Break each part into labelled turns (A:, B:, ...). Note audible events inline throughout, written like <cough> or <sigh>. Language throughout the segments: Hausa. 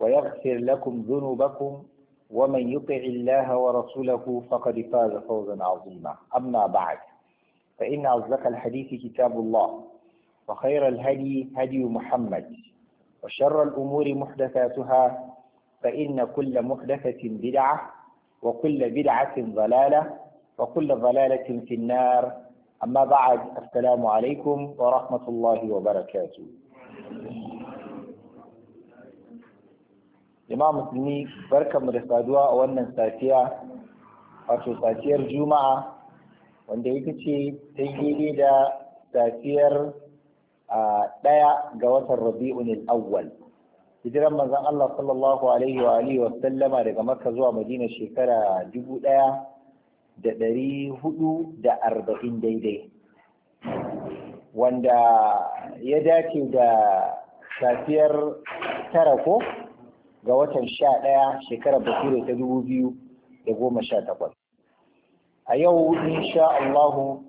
A: ويغفر لكم ذنوبكم ومن يطع الله ورسوله فقد فاز فوزا عظيما أما بعد فإن أصدق الحديث كتاب الله وخير الهدي هدي محمد وشر الأمور محدثاتها فإن كل محدثة بدعة وكل بدعة ضلالة وكل ضلالة في النار أما بعد السلام عليكم ورحمة الله وبركاته jama'a musulmi mu da saduwa a wannan safiya wato safiyar juma'a wanda ita ce ta daidai da safiyar ɗaya ga watan rabi'un awwal hijiran manzon Allah sallallahu alaihi wa alihi wa sallama daga makka zuwa madina shekara dubu ɗaya da ɗari huɗu da arba'in daidai wanda ya dace da safiyar tara ko ga watan sha ɗaya shekarar bature ta dubu biyu da goma sha takwas a yau insha Allahu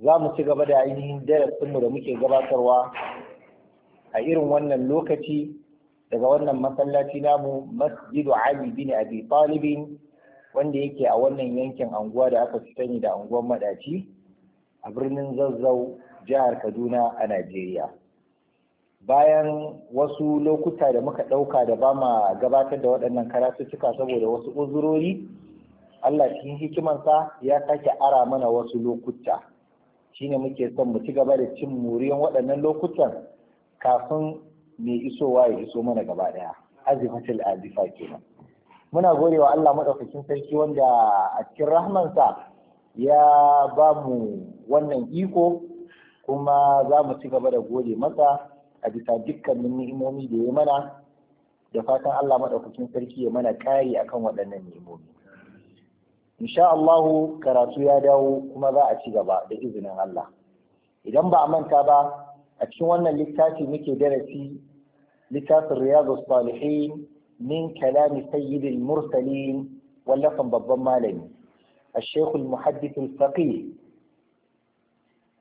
A: za mu ci gaba da ainihin darasinmu da muke gabatarwa a irin wannan lokaci daga wannan masallaci namu masjidu ali bin abi talibin wanda yake a wannan yankin anguwa da aka fi sani da anguwan madaci a birnin zazzau jihar kaduna a najeriya bayan wasu lokuta da muka ɗauka da ba ma gabatar da waɗannan karatuttuka saboda wasu uzurori Allah cikin hikimansa ya sake ara mana wasu lokuta shine muke son mu ci gaba da cin muriyan waɗannan lokutan kafin mai isowa ya iso mana gaba ɗaya azifatul azifa kenan muna wa Allah madaukakin sarki wanda a cikin rahmansa ya ba mu wannan iko kuma za mu ci gaba da gode masa a bisa dukkanin ni'imomi da ya mana da fatan Allah maɗaukakin sarki ya mana kari akan waɗannan ni'imomi insha Allahu karatu ya dawo kuma za a ci gaba da izinin Allah idan ba a manta ba a cikin wannan littafi muke darasi littafin riyadus salihin min kalami sayyidil mursalin wallafan babban malami الشيخ المحدث الفقيه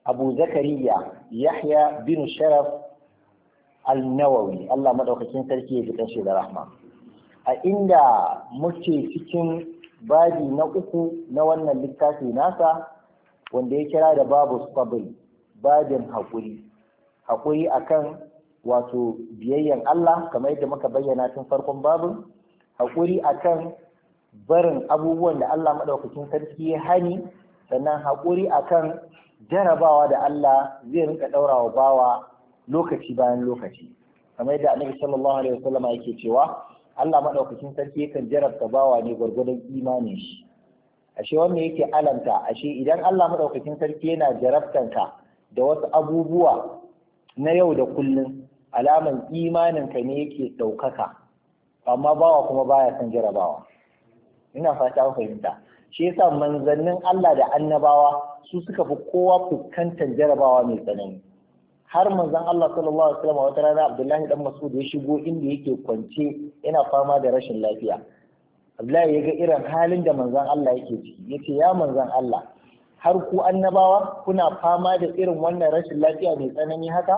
A: أبو زكريا يحيى بن الشرف al-nawawi Allah madaukakin sarki ya ji kanshi da rahma a inda muke cikin babi na uku na wannan littafi nasa wanda ya kira da babu sabri babin haƙuri haƙuri akan wato biyayyan Allah kamar yadda muka bayyana tun farkon babin haƙuri akan barin abubuwan da Allah madaukakin sarki ya hani sannan haƙuri akan jarabawa da Allah zai rinka ɗaurawa bawa lokaci bayan lokaci kamar yadda annabi sallallahu alaihi wasallam yake cewa Allah maɗaukacin sarki yakan jarabta bawa ne gwargwadon imanin shi ashe wannan yake alamta ashe idan Allah maɗaukacin sarki yana jarabtanka da wasu abubuwa na yau da kullum alaman imaninka ne yake ɗaukaka amma bawa kuma baya son jarabawa ina fata fahimta shi yasa manzannin Allah da annabawa su suka fi kowa fuskantar jarabawa mai tsanani har manzon Allah sallallahu alaihi wasallam wata rana Abdullahi dan Mas'ud ya shigo inda yake kwance yana fama da rashin lafiya Abdullahi ya ga irin halin da manzon Allah yake ciki yace ya manzon Allah har ku annabawa kuna fama da irin wannan rashin lafiya mai tsanani haka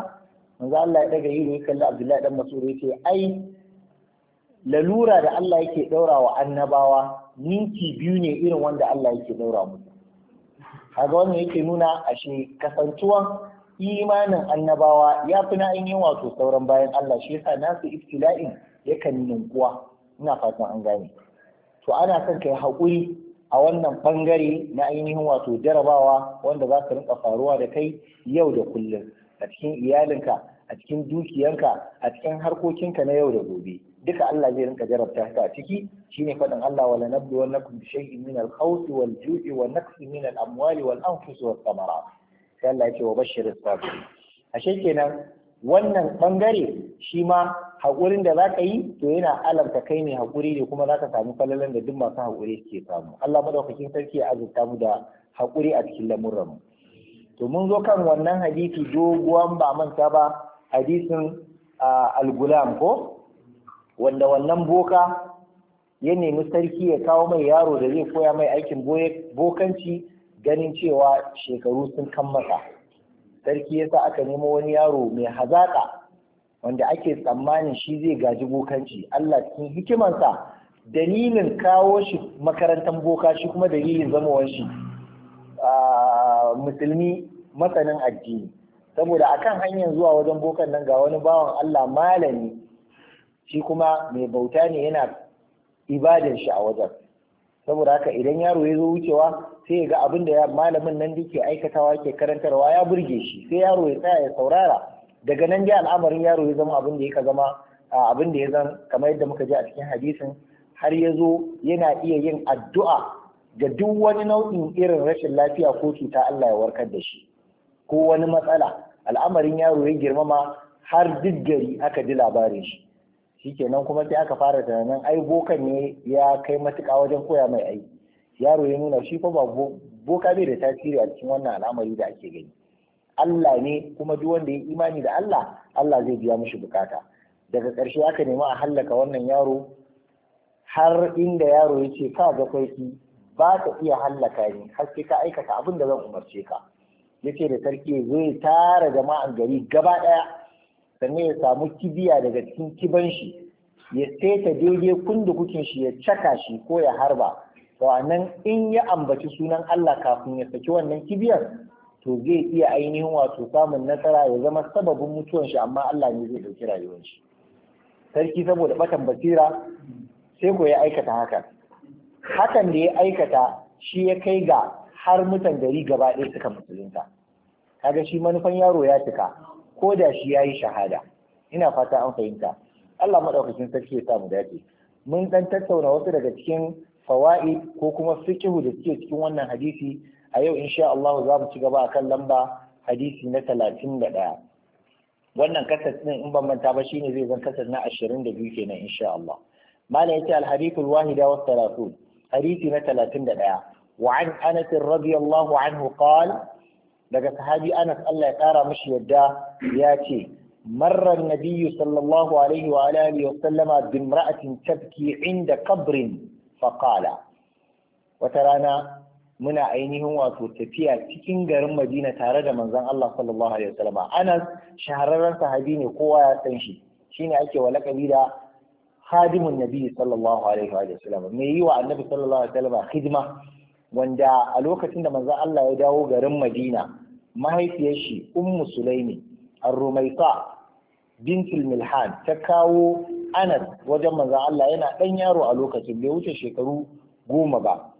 A: manzon Allah ya daga yi kalli Abdullahi dan Mas'ud yace ai lalura da Allah yake daura wa annabawa ninki biyu ne irin wanda Allah yake daura mu kaga wannan yake nuna ashe kasantuwa. imanin annabawa ya fi na ainihin wato sauran bayan Allah shi yasa nasu ibtila'in yakan ninkuwa ina fatan an gane to ana son kai haƙuri a wannan bangare na ainihin wato jarabawa wanda za ka rinka faruwa da kai yau da kullum a cikin iyalinka a cikin dukiyanka a cikin harkokinka na yau da gobe duka Allah zai rinka jarabta ka a ciki shine faɗin Allah wala nabdu wa nakum bi shay'in min al-khawfi wal-ju'i wa min al-amwali wal-anfusi was-samarat sai Allah wa bashir sabiri ashe kenan wannan bangare shi ma haƙurin da za ka yi to yana alamta kai ne haƙuri ne kuma za ka samu falalan da duk masu haƙuri suke samu Allah madaukakin sarki ya azurta mu da haƙuri a cikin lamuran mu to mun zo kan wannan hadisi doguwan ba manta ba hadisin al-gulam ko wanda wannan boka ya nemi sarki ya kawo mai yaro da zai koya mai aikin bokanci ganin cewa shekaru sun kammata sarki ya sa aka nemo wani yaro mai hazaƙa wanda ake tsammanin shi zai gaji bokanci Allah cikin hikimansa dalilin kawo shi makarantar boka shi kuma dalilin zamawar a musulmi masanin addini saboda akan hanyar zuwa wajen bokan nan ga wani bawan Allah malami shi kuma mai bauta ne yana ibadar shi a wajen saboda haka idan yaro ya zo wucewa sai ya ga abin da malamin nan yake aikatawa ke karantarwa ya burge shi sai yaro ya tsaya ya saurara daga nan dai al'amarin yaro ya zama abin da ya zama abin da ya zan kamar yadda muka ji a cikin hadisin har ya zo yana iya yin addu'a ga duk wani nau'in irin rashin lafiya ko cuta Allah ya warkar da shi ko wani matsala al'amarin yaro ya girmama har duk gari aka ji labarin shi shikenan kuma sai aka fara tunanin ai bokan ne ya kai matuƙa wajen koya mai ai yaro ya nuna shi fa ba boka bai da tasiri a cikin wannan al'amari da ake gani Allah ne kuma duk wanda ya imani da Allah Allah zai biya mishi bukata daga ƙarshe aka nemi a hallaka wannan yaro har inda yaro ya ce ka ga kai ba ka iya hallaka ni har sai ka aikata abin da zan umarce ka yace da sarki zai tara jama'an gari gaba ɗaya sannan ya samu kibiya daga cikin kiban shi ya saita daidai kunda kukin shi ya caka shi ko ya harba nan in ya ambaci sunan Allah kafin ya saki wannan kibiyar to zai iya ainihin wato samun nasara ya zama sababin mutuwan shi amma Allah ne zai dauki rayuwar shi sarki saboda batan basira sai ko ya aikata hakan hakan da ya aikata shi ya kai ga har mutan gari gaba ɗaya suka musulunta kaga shi manufan yaro ya cika ko da shi yi shahada ina fata an fahimta Allah madaukakin sarki ya samu dace mun dan tattauna wasu daga cikin fawaid ko kuma fiqhu da suke cikin wannan hadisi a yau insha Allah za mu ci gaba akan lamba hadisi na 31 wannan kasas din in ban manta ba shine zai zan kasas na 22 kenan insha Allah malam yace al-hadith al-wahida wa 30 hadisi na 31 وعن أنس رضي الله عنه قال daga sahabi Anas Allah ya kara mashi yadda ya ce marar Nabiyu sallallahu alaihi wa alihi wa sallama bi imra'atin tabki inda kabrin fa wata rana muna ainihin wato tafiya cikin garin Madina tare da manzon Allah sallallahu alaihi wa sallama Anas shahararren sahabi ne kowa ya san shi shine ake walakabi da Hadimun nabi sallallahu alaihi wa sallama me yi wa annabi sallallahu alaihi wa sallama khidma wanda a lokacin da manzon Allah ya dawo garin Madina mahaifiyar shi ummu sulaimi ar-rumaita bintul milhan ta kawo anas wajen manzon Allah yana dan yaro a lokacin bai wuce shekaru goma ba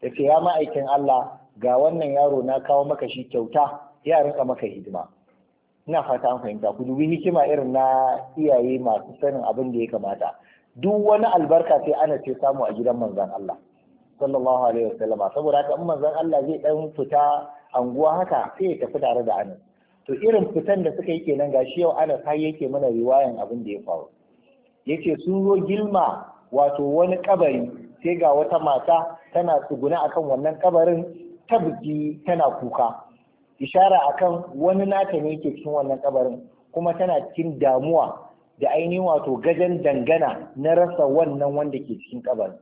A: take ya ma'aikin Allah ga wannan yaro na kawo maka shi kyauta ya rinka maka hidima ina fata an fahimta ku dubi hikima irin na iyaye masu sanin abin da ya kamata duk wani albarka sai ana ce samu a gidan manzon Allah sallallahu alaihi wasallama saboda haka in manzon Allah zai dan fita anguwa haka sai ya tafi tare da anas to irin fitan da suka yi kenan gashi yau anas har yake mana riwayan abin da ya faru yace sun zo gilma wato wani kabari sai ga wata mata tana tsuguna akan wannan kabarin ta buki tana kuka ishara akan wani nata ne yake cikin wannan kabarin kuma tana cikin damuwa da ainihin wato gajen dangana na rasa wannan wanda ke cikin kabarin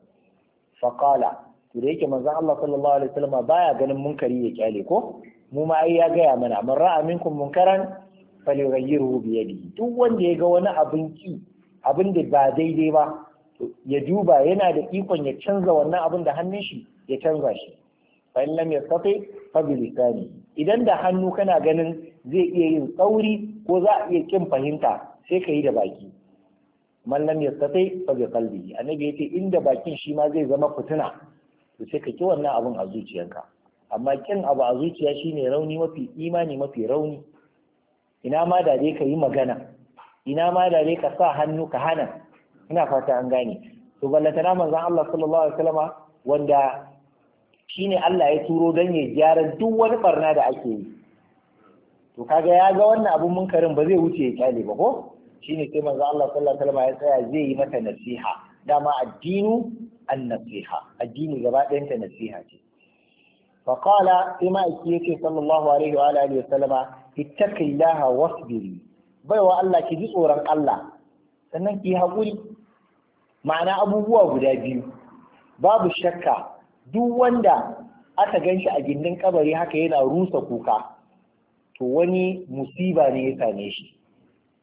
A: (Fakwala) to da yake manzon Allah sallallahu alaihi wasallam baya ganin munkari ya kyale ko mu ma ai ya gaya mana man ra'a minkum munkaran falyughayyirhu bi yadihi duk wanda ya ga wani abin ki abin da ba daidai ba ya duba yana da ikon ya canza wannan abin da hannun shi ya canza shi fa in lam yastati fa bi idan da hannu kana ganin zai iya yin tsauri ko za a iya kin fahimta sai ka yi da baki man lam yastati fa bi qalbi annabi yace inda bakin shi ma zai zama fitina to sai ka ki wannan abun a zuciyarka amma kin abu a zuciya shine rauni mafi imani mafi rauni ina ma da dai ka yi magana ina ma da dai ka sa hannu ka hana ina fata an gane to na manzon Allah sallallahu alaihi wasallama wanda shine Allah ya turo don ya gyara duk wani barna da ake yi to kaga ya ga wannan abun munkarin ba zai wuce ya kyale ba ko shine sai manzon Allah sallallahu alaihi wasallama ya tsaya zai yi mata nasiha dama addinu an nasiha addini gaba ɗayanta nasiha ce فقال كما يكي sallallahu alaihi عليه وعلى اله وسلم اتق الله واصبري baiwa Allah ki ji tsoron Allah sannan ki haƙuri ma'ana abubuwa guda biyu babu shakka duk wanda aka ganshi a gindin kabari haka yana rusa kuka to wani musiba ne ya same shi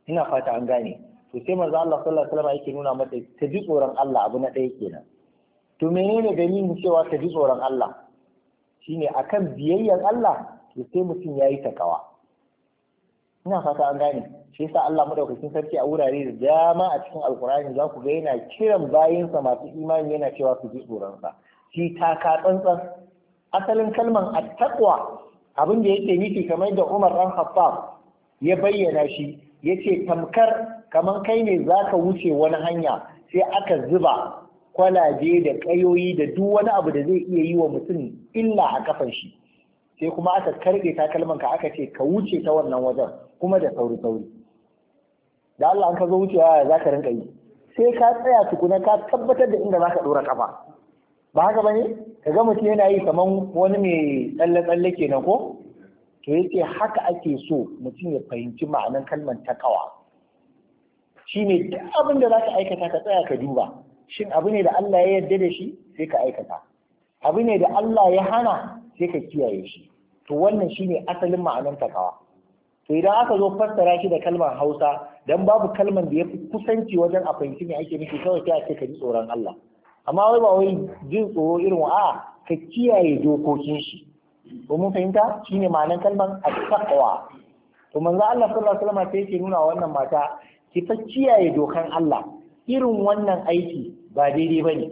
A: ina fata an gane to sai manzo Allah sallallahu alaihi wasallam yake nuna mata ta ji tsoron Allah abu na ɗaya kenan to menene dalilin cewa ta ji tsoron Allah shine akan biyayyar Allah to sai mutum yayi takawa ina fata an gane shi yasa Allah madaukakin sarki a wurare da dama a cikin alkurani za ku ga yana kiran bayinsa masu imani yana cewa su ji tsoronsa shi taka tsantsan asalin kalman attaqwa abin da yake nufi kamar da Umar dan Khattab ya bayyana shi yace tamkar kaman kai ne zaka wuce wani hanya sai aka zuba kwalaje da ƙayoyi da duk wani abu da zai iya yi wa mutum illa a kafan shi sai kuma aka karbe takalman ka aka ce ka wuce ta wannan wajen kuma da sauri sauri da Allah an ka zo wucewa za ka rinka yi sai ka tsaya tukuna ka tabbatar da inda za ka ɗora kafa ba haka bane ka ga mutum yana yi kaman wani mai tsalle tsalle kenan ko to yake haka ake so mutum ya fahimci ma'anan kalmar takawa ne duk abin da zaka aikata ka tsaya ka duba shin abu ne da Allah ya yarda da shi sai ka aikata abu ne da Allah ya hana sai ka kiyaye shi to wannan shine asalin ma'anan takawa to idan aka zo fassara shi da kalmar Hausa dan babu kalmar da yafi kusanci wajen a fahimci me ake nufi kawai sai a ce ka ji tsoron Allah amma wai ba wai jin tsoro irin wa'a ka kiyaye dokokin shi ko mun fahimta shine ma'anar kalmar at-taqwa to manzo Allah sallallahu alaihi wasallam yake nuna wannan mata ki fa kiyaye dokan Allah irin wannan aiki ba daidai bane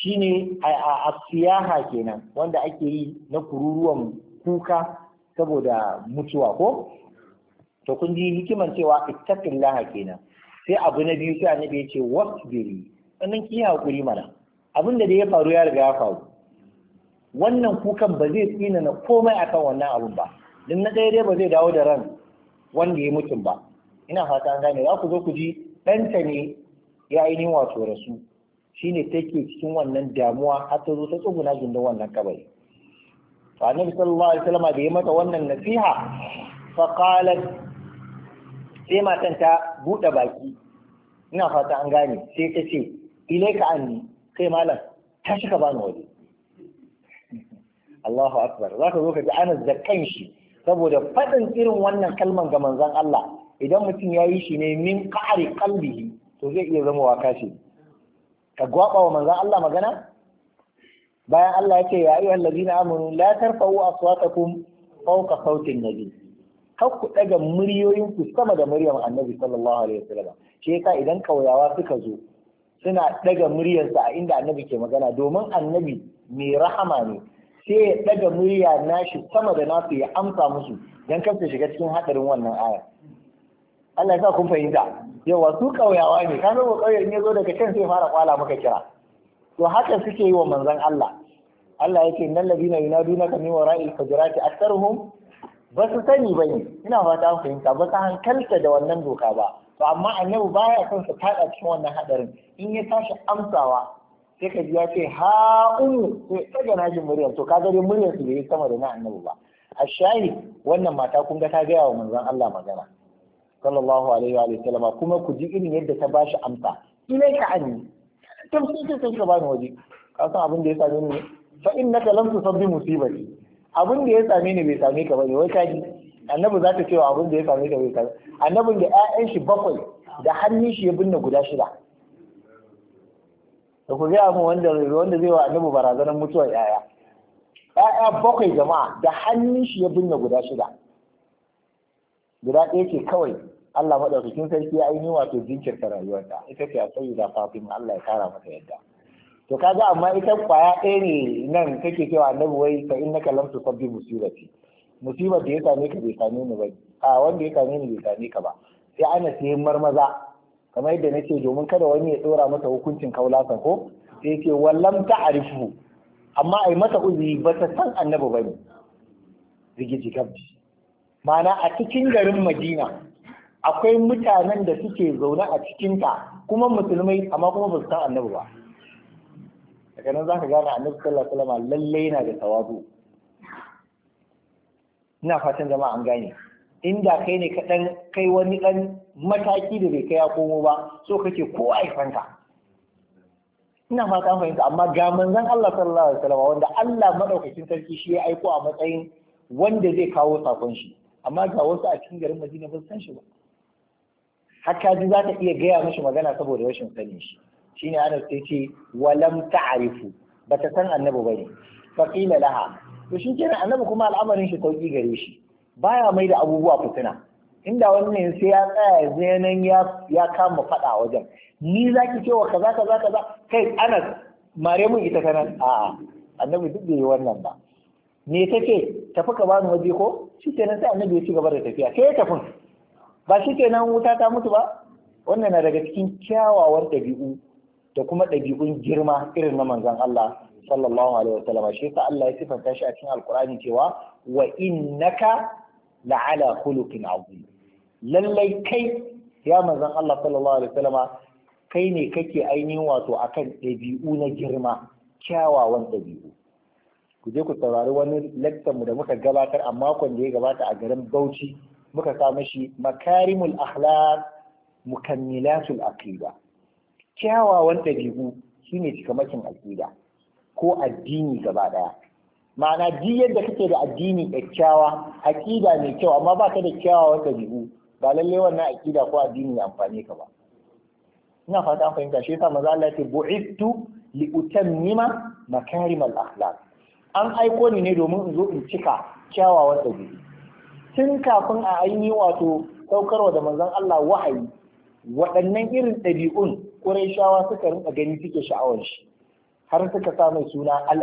A: shine a asiyaha kenan wanda ake yi na kururuwan kuka saboda mutuwa ko to kun ji hikiman cewa kenan sai abu na biyu sai annabi ya ce wasbiri sannan ki hakuri mana abin da ya faru ya riga ya faru wannan kukan ba zai tsina na komai akan wannan abin ba Don na ɗaya dai ba zai dawo da ran wanda ya mutum ba ina fata an gane za ku zo ku ji ɗanta ne ya ainihin wato rasu shine take cikin wannan damuwa har ta zo ta tsuguna gindin wannan kabari annabi sallallahu alaihi wasallam da ya mata wannan nasiha fa sai matan ta buɗe baki ina fata an gane sai ta ce ilaika anni kai malam ta shi bani waje Allahu akbar za ka zo ka ji anas da kanshi saboda faɗin irin wannan kalman ga manzon Allah idan mutum ya yi shi ne min ƙari kalbihi to zai iya zama waka ce ka gwaba wa manzon Allah magana bayan Allah ya ce ya ayyuhal ladina amanu la tarfa'u aswatakum fawqa sautin nabi kar ku ɗaga muryoyin ku sama da muryar annabi sallallahu alaihi wasallam shi yasa idan kauyawa suka zo suna ɗaga muryarsa a inda annabi ke magana domin annabi mai rahama ne sai ya ɗaga murya nashi sama da nasu ya amsa musu don kansa shiga cikin haɗarin wannan aya Allah ya sa kun fahimta yawa su ƙauyawa ne ka zama ƙauye in ya zo daga can sai fara kwala maka kira to haka suke yi wa manzon Allah Allah ya ce nan ladina yunaduna ka jira wara'il fajirati tsarhun ba su sani ba ne ina fata fahimta ba su hankalta da wannan doka ba to amma annabu baya son su taɗa cikin wannan haɗarin in ya tashi amsawa sai ka biya ce ha umu sai daga najin muryar to ga dai muryar su bai sama da na annabi ba a shayi wannan mata kun ga ta gaya wa manzon Allah magana sallallahu alaihi wa sallam kuma ku ji irin yadda ta bashi amsa ilaika anni tafsiri sai ka bani waje ka san abin da ya same ni fa innaka lam tusabbi musibati abin da ya same ni bai same ka bane wai kaji annabi za ta cewa abin da ya same ka bai same annabin da ƴaƴan shi bakwai da hannun shi ya binne guda shida da ku gaya mu wanda wanda zai wa annabi barazanar mutuwar yaya yaya bakwai jama'a da hannun shi ya binne guda shida guda ɗaya ce kawai Allah maɗaukakin sarki ya ainihin wato jinkirta rayuwarta ita ce a tsayi da fafin Allah ya kara mata yadda to ka kaga amma ita kwaya ɗaya ne nan kake cewa annabi wai fa innaka lam tusabbi musibati musibar da ya same ka bai same ni ba a wanda ya same ni bai same ka ba sai ana sai marmaza kamar yadda nake domin kada wani ya dora masa hukuncin kaulasa ko sai ce wallam arifu amma ai mata uzuri ba ta san annabi bane rigiji gabji Mana a cikin garin Madina akwai mutanen da suke zaune a cikinta kuma musulmai amma kuma ba su san annabi ba daga nan zaka gane annabi sallallahu alaihi wasallam lalle yana da tawazu ina fatan jama'a an gane inda kai ne ka dan kai wani dan mataki da bai kai ya komo ba so kake kowa ya sanka ina fata fahimta amma ga manzon Allah sallallahu alaihi wasallam wanda Allah madaukakin sarki shi ya aiko a matsayin wanda zai kawo sakon shi amma ga wasu a cikin garin Madina ba san shi ba haka ji za ta iya gaya mishi magana saboda rashin sanin shi shine Anas sai ce walam ta'rifu bata san annabi bane qila laha to shi kenan annabi kuma al'amarin shi sauki gare shi baya mai da abubuwa fitina inda wannan sai ya tsaya nan ya kama faɗa wajen ni za ki cewa kaza kaza kaza kai anas mare mun ita ta nan a'a annabi duk bai yi wannan ba me take tafi ka bani waje ko shi nan sai annabi ya ci gaba da tafiya sai ya tafi ba shi nan wuta ta mutu ba wannan na daga cikin kyawawan ɗabi'u da kuma ɗabi'un girma irin na manzon Allah sallallahu alaihi wasallam shi yasa Allah ya sifanta shi a cikin alkur'ani cewa wa innaka la'ala khuluqin azim lallai kai ya manzon Allah sallallahu alaihi wasallama kai ne kake ainihin wato akan ɗabi'u na girma kyawawan ɗabi'u ku je ku saurari wani lecture mu da muka gabatar a makon da ya gabata a garin Bauchi muka sa mashi makarimul akhlaq mukammilatul aqida kyawawan ɗabi'u shine cikamakin aqida ko addini gaba ɗaya ma'ana ji yadda kake da addini kyakkyawa aƙida mai kyau amma ba ka da kyawawan ɗabi'u ba lallai wannan aƙida ko addini ya amfane ka ba ina fata an fahimta shi yasa maza Allah ya bu'ittu li utammima makarimal akhlaq an aiko ni ne domin in zo in cika kyawawan ɗabi'u tun kafin a yi wato saukarwa da manzon Allah wahayi waɗannan irin ɗabi'un Qurayshawa suka rinƙa gani suke sha'awar shi har suka sa mai suna al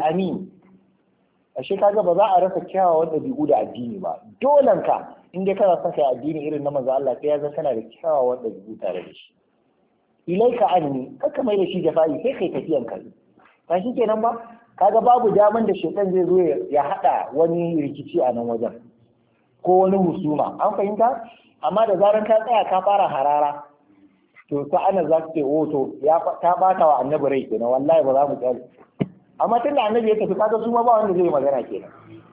A: ashe kaga ba za a rasa kyawawan ɗabi'u da addini ba dolan ka in dai kana son kai addini irin na manzo Allah sai ya zan kana da kyawawan ɗabi'u tare da shi ilaika anni kaka mai da shi jafa'i sai kai tafiyan ka ba shi kenan ba kaga babu daman da shekan zai zo ya hada wani rikici a nan wajen ko wani husuma an fahimta amma da zaran ka tsaya ka fara harara to sa'ana za su ce oh, o ya ta bata wa annabi rai kenan wallahi ba za mu tsaya amma tunda annabi ya tafi kaga su ma ba wanda zai magana kenan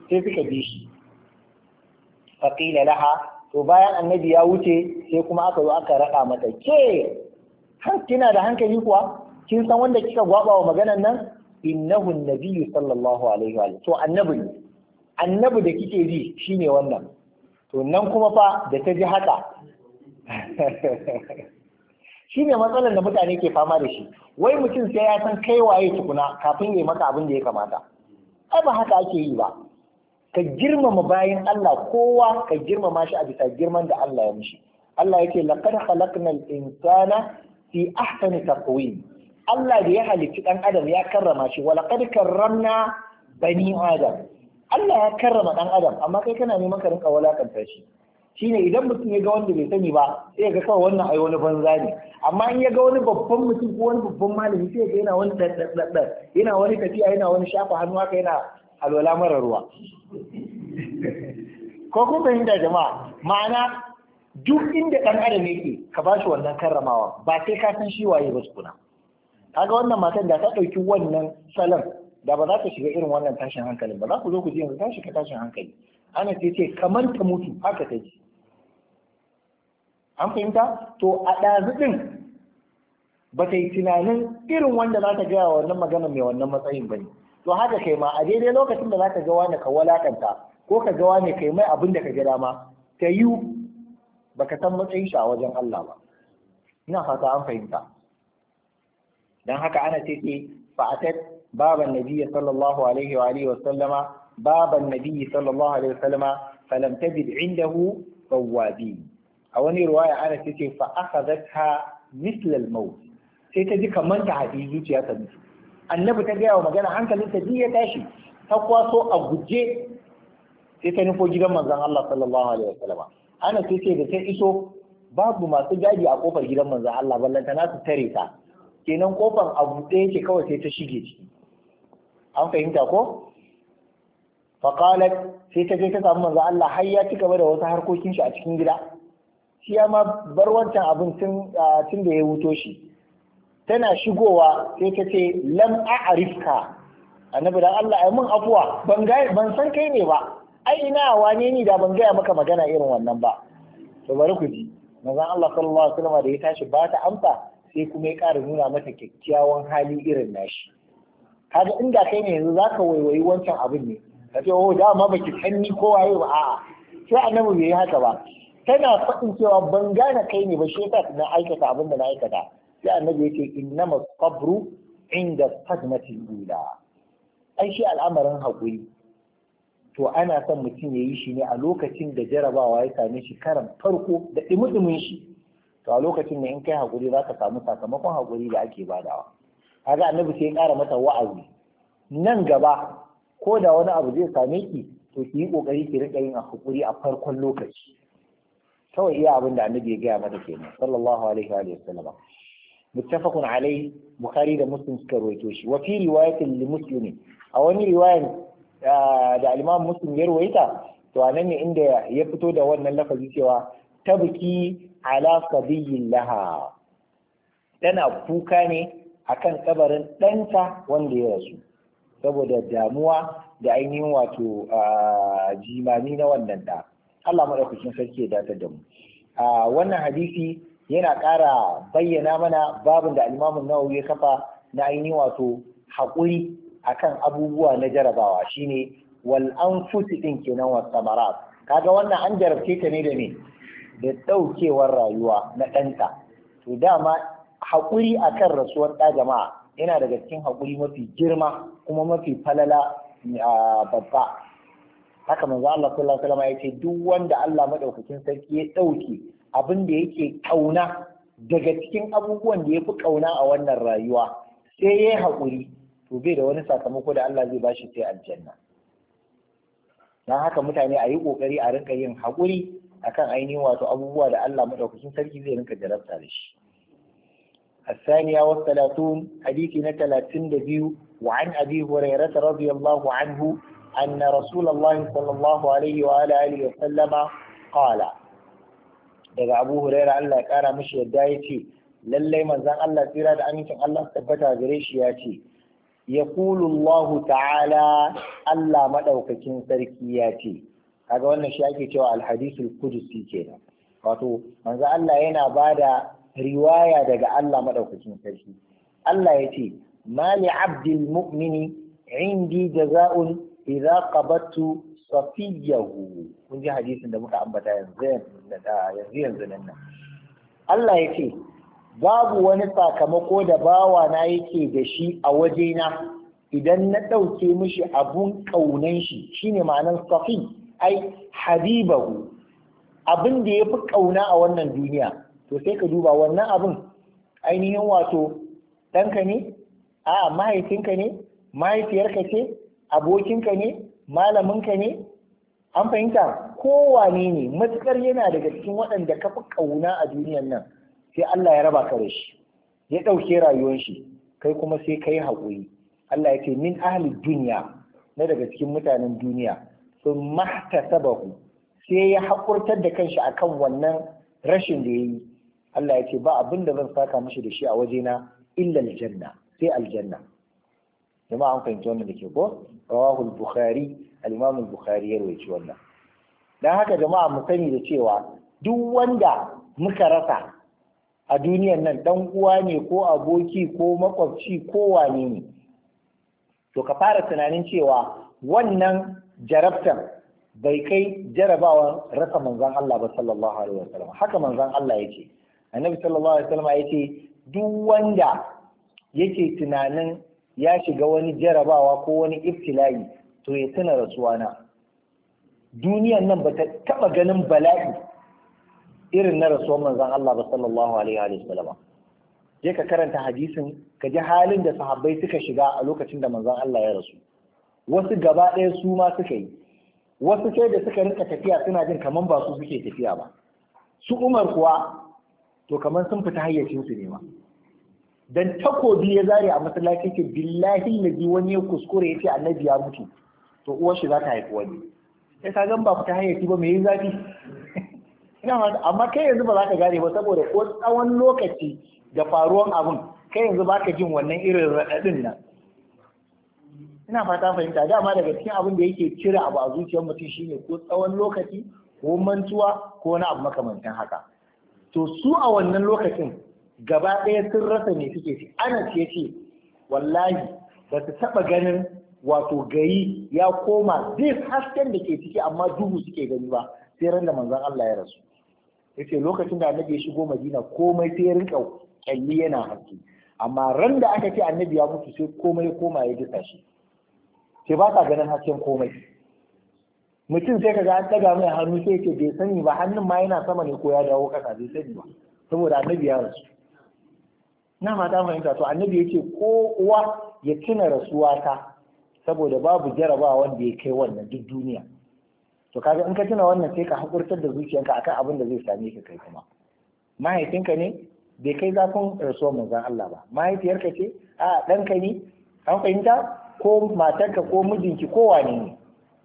A: sai suka bi shi faqila laha to bayan annabi ya wuce sai kuma aka zo aka raɗa mata ke har kina da hankali kuwa kin san wanda kika gwaba wa maganar nan innahu nabiyyu sallallahu alaihi wa to annabi annabi da kike ji shine wannan to nan kuma fa da ta ji haka <laughs> shi ne matsalar da mutane ke fama da shi wai mutum sai ya san kai waye tukuna kafin ya maka abin da ya kamata ai ba haka ake yi ba ka girmama bayan Allah kowa ka girmama shi a bisa girman da Allah ya mishi Allah yake laqad khalaqnal insana fi ahsani taqwim Allah da ya halicci dan adam ya karrama shi wa laqad karramna bani adam Allah ya karrama dan adam amma kai kana neman ka rinka walakanta shi Shi ne idan mutum ya ga wanda bai sani ba sai ga kawai wannan ai wani banza ne amma in ya ga wani babban mutum ko wani babban malami sai ga yana wani daddaddad yana wani tafiya yana wani shafa hannu haka yana alwala mara ruwa ko kun fahimta jama'a ma'ana duk inda ɗan adam yake ka ba wannan karramawa ba sai ka san shi waye ba tukuna kaga wannan matan da ta ɗauki wannan salon da ba za ta shiga irin wannan tashin hankalin ba za ku zo ku je yanzu tashi ka tashin hankali ana ce ce kamar ta mutu haka ta ji an fahimta to a ɗazu ɗin ba ta yi tunanin irin wanda za ta gaya wannan magana mai wannan matsayin ba ne to haka kai ma a daidai lokacin da za ka ga wani ka walakanta ko ka ga wani kai mai abin da ka ga dama ta yi ka san matsayin shi a wajen Allah ba ina fata an fahimta dan haka ana ce ce fa'atat baban nabiyyi sallallahu alaihi wa alihi wa sallama baban nabiyyi sallallahu alaihi wa sallama falam tajid indahu tawabin a wani ruwaya ana ce ce fa akhadhatha mithl al sai ta ji kamar ta haɗi zuciya ta mutu annabi ta gaya wa magana hankalin ta ji ya tashi ta kwaso a guje sai ta nufo gidan manzan Allah sallallahu alaihi sallama. ana sai da ta iso babu masu jaji a kofar gidan manzan Allah ballanta na su tare ta kenan kofar a buɗe yake kawai sai ta shige ciki an fahimta ko faqalat sai ta je ta samu manzan Allah har ya ci gaba da wasu harkokin shi a cikin gida shi ma bar wancan abin tun da ya wuto shi tana shigowa sai ta ce lam a'rifka annabi da Allah ai mun afuwa ban san kai ne ba ai ina wane ni da ban gaya maka magana irin wannan ba to bari ku ji manzon Allah sallallahu alaihi wasallam da ya tashi ba ta amsa sai kuma ya kara nuna mata kyakkyawan hali irin nashi kaga inda kai ne yanzu zaka waiwayi wancan abin ne ka ce oh dama baki san ni ko waye ba a'a sai annabi bai yi haka ba tana faɗin cewa ban gane kai ne ba shi yasa na aikata abin da na aikata sai annabi yake inna sabru inda sadmati ula ai shi al'amarin haƙuri to ana son mutum ya yi shi ne a lokacin da jarabawa ya same shi karan farko da ɗumi shi to a lokacin da in kai haƙuri za ka samu sakamakon haƙuri da ake badawa kaga annabi sai ya ƙara mata wa'azi nan gaba ko da wani abu zai same ki to ki yi ƙoƙari ki riƙa yin a haƙuri a farkon lokaci kawai iya abin da annabi ya gaya mata kenan sallallahu alaihi wa sallama muttafaqun alaihi bukhari da muslim suka rawaito shi wa fi riwayatin li muslimi a wani riwayan ah, da al-imam muslim ya rawaita to anan ne inda ya fito da wannan lafazi cewa tabki ala sabiyin laha tana kuka ne akan kabarin ɗanta wanda ya rasu saboda damuwa da ainihin wato ah, jimami na wannan da Allah madaukakin sarki ya dace da mu a wannan hadisi yana ƙara bayyana mana babin da alimamun nawa ya kafa na ainihin wato haƙuri akan abubuwa na jarabawa shine wal ɗin din kenan wa samara. kaga wannan an jarabce ta ne da me da ɗaukewar rayuwa na ɗanta to dama haƙuri akan rasuwar ɗa jama'a yana daga cikin haƙuri mafi girma kuma mafi falala babba haka manzo Allah sallallahu alaihi wasallam ya ce duk wanda Allah madaukakin sarki ya dauke abin da yake kauna daga cikin abubuwan da yafi kauna a wannan rayuwa sai yayi hakuri to bai da wani sakamako da Allah zai bashi sai aljanna dan haka mutane a yi kokari a rinka yin hakuri akan ainihin wato abubuwa da Allah madaukakin sarki zai rinka jarabta da shi الثانية والثلاثون حديثنا ثلاثين سند وعن أبي هريرة رضي الله عنه أن رسول الله صلى الله عليه وعلى آله وسلم قال دقى أبو هريرة الله كان مشي الدايتي للي من زن الله سيرا دعنيتم الله ثبتها قريشياتي يقول الله تعالى الله مدوككين سركياتي kaga wannan shi ake cewa alhadisul qudusi kenan wato manzo Allah yana bada riwaya daga Allah madaukakin sarki Allah ya ce mali abdil mu'mini indi jaza'un idza qabattu safiyahu kun ji hadisin da muka ambata yanzu da yanzu yanzu nan Allah yake babu wani sakamako da bawa na yake da shi a wajena idan na ɗauke mishi abun ƙaunan shi shine ma'anar safi ai habibahu abin da ya fi ƙauna a wannan duniya to sai ka duba wannan abin ainihin wato ɗanka ne a'a mahaifinka ne mahaifiyarka ce abokinka ne malaminka ne an fahimta kowane ne matukar yana daga cikin waɗanda ka fi ƙauna a duniyan nan sai Allah ya raba ka da shi ya ɗauke rayuwar shi kai kuma sai kai haƙuri Allah ya ce min ahli duniya na daga cikin mutanen duniya sun mahtasabahu sai ya haƙurtar da kanshi kan wannan rashin da ya yi Allah ya ce ba abin da zan saka mashi da shi a wajena illa aljanna sai aljanna jama'a an fahimci wannan da ke ko rawahul bukhari al bukhari ya rawaito wannan dan haka jama'a mu sani da cewa duk wanda muka rasa a duniyar nan ɗan uwa ne ko aboki ko makwabci ko wane ne to ka fara tunanin cewa wannan jarabtan bai kai jarabawar rasa manzon Allah ba sallallahu alaihi haka manzon Allah yake annabi sallallahu alaihi wasallam yake duk wanda yake tunanin ya shiga wani jarabawa ko wani ibtila'i to ya tuna rasuwana duniyan nan ba ta taba ganin bala'i irin na rasuwar manzon Allah ba sallallahu alaihi wa sallam je ka karanta hadisin ka ji halin da sahabbai suka shiga a lokacin da manzon Allah ya rasu wasu gaba ɗaya su ma suka yi wasu sai da suka rinka tafiya suna jin kamar ba su suke tafiya ba su Umar kuwa to kamar sun fita hayyacin su ne ma dan takobi ya zare a masallaci ke billahi nabi wani ya kuskure yace annabi ya mutu to uwar shi za ta haifi wani sai ka gan ba ta hayyaci ba me yin zafi <laughs> amma kai yanzu ba za ka gane ba saboda ko tsawon lokaci da faruwan abun kai yanzu ba ka jin wannan irin raɗaɗin nan ina fata fahimta dama daga cikin abin da yake cire abu a zuciyar mutum shine ko tsawon lokaci ko mantuwa ko wani abu makamantan haka to su a wannan lokacin gaba ɗaya sun rasa ne suke ci anas ya ce wallahi ba su taɓa ganin wato gari ya koma zai hasken da ke ciki amma duhu suke gani ba sai ran da manzan Allah ya rasu ya ce lokacin da annabi ya shigo madina komai sai ya rinka kyalli yana haske amma ran da aka ce annabi ya mutu sai komai koma ya ji shi sai ba ka ganin hasken komai mutum sai ka ga an daga mai hannu sai ce bai sani ba hannun ma yana sama ne ko ya dawo kasa bai sani ba saboda annabi ya rasu na mata fahimta to annabi yake ko uwa ya tuna rasuwa ta saboda babu jaraba wanda ya kai wannan duk duniya to kaga in ka tuna wannan sai ka hakurtar da zuciyanka akan abin da zai same ka kai kuma mahaifinka ne bai kai zafin rasuwar manzon Allah ba mahaifiyarka ce a ɗanka ne an fahimta ko matarka ko mijinki ko wane ne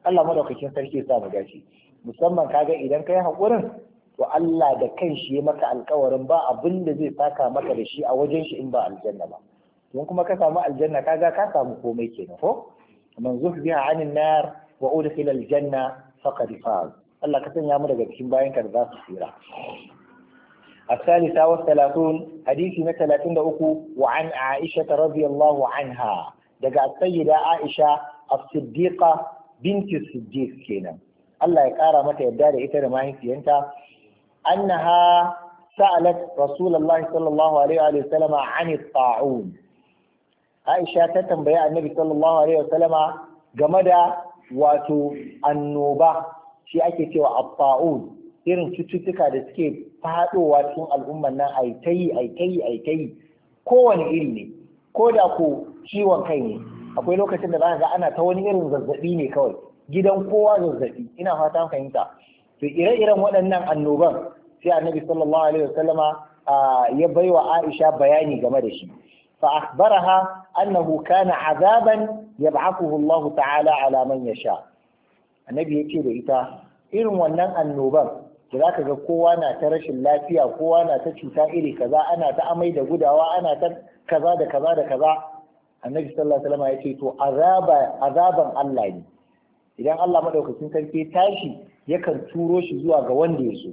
A: Allah madaukakin sarki ya sa mu dace musamman kaga idan kai hakurin to Allah da kanshi ya maka alkawarin ba abin da zai saka maka da shi a wajen shi in ba aljanna ba don kuma ka samu aljanna kaga ka samu komai kenan ko man zuhbiha anin nar wa udkhila aljanna faqad faz Allah ka sanya mu daga cikin bayan ka za su tsira الثالثة والثلاثون حديث مثلا أكو وعن عائشة رضي الله عنها دقع السيدة عائشة الصديقة بنت الصديق كينا الله يقارى متى يبدأ إتنا ما هي فينتا أنها سألت رسول الله صلى الله عليه وآله وسلم عن الطاعون عائشة تتنبيا النبي صلى الله عليه وسلم جمد واتو النوبة irin cututtuka da suke faɗowa cikin al'ummar nan ai ta yi ai kowane iri ne ko da ko ciwon kai ne akwai lokacin da za ga ana ta wani irin zazzabi ne kawai gidan kowa zazzabi ina fatan fahimta to ire-iren waɗannan annoban sai annabi sallallahu alaihi wasallama ya baiwa Aisha bayani game da shi fa akhbaraha annahu kana azaban yab'athuhu Allah ta'ala ala man yasha annabi yace da ita irin wannan annoban da zaka ga kowa na ta rashin lafiya kowa na ta cuta iri kaza ana ta amai da gudawa ana ta kaza da kaza da kaza annabi sallallahu alaihi wasallama yace to azaba azaban Allah ne idan Allah madaukakin sarki tashi yakan turo shi zuwa ga wanda ya so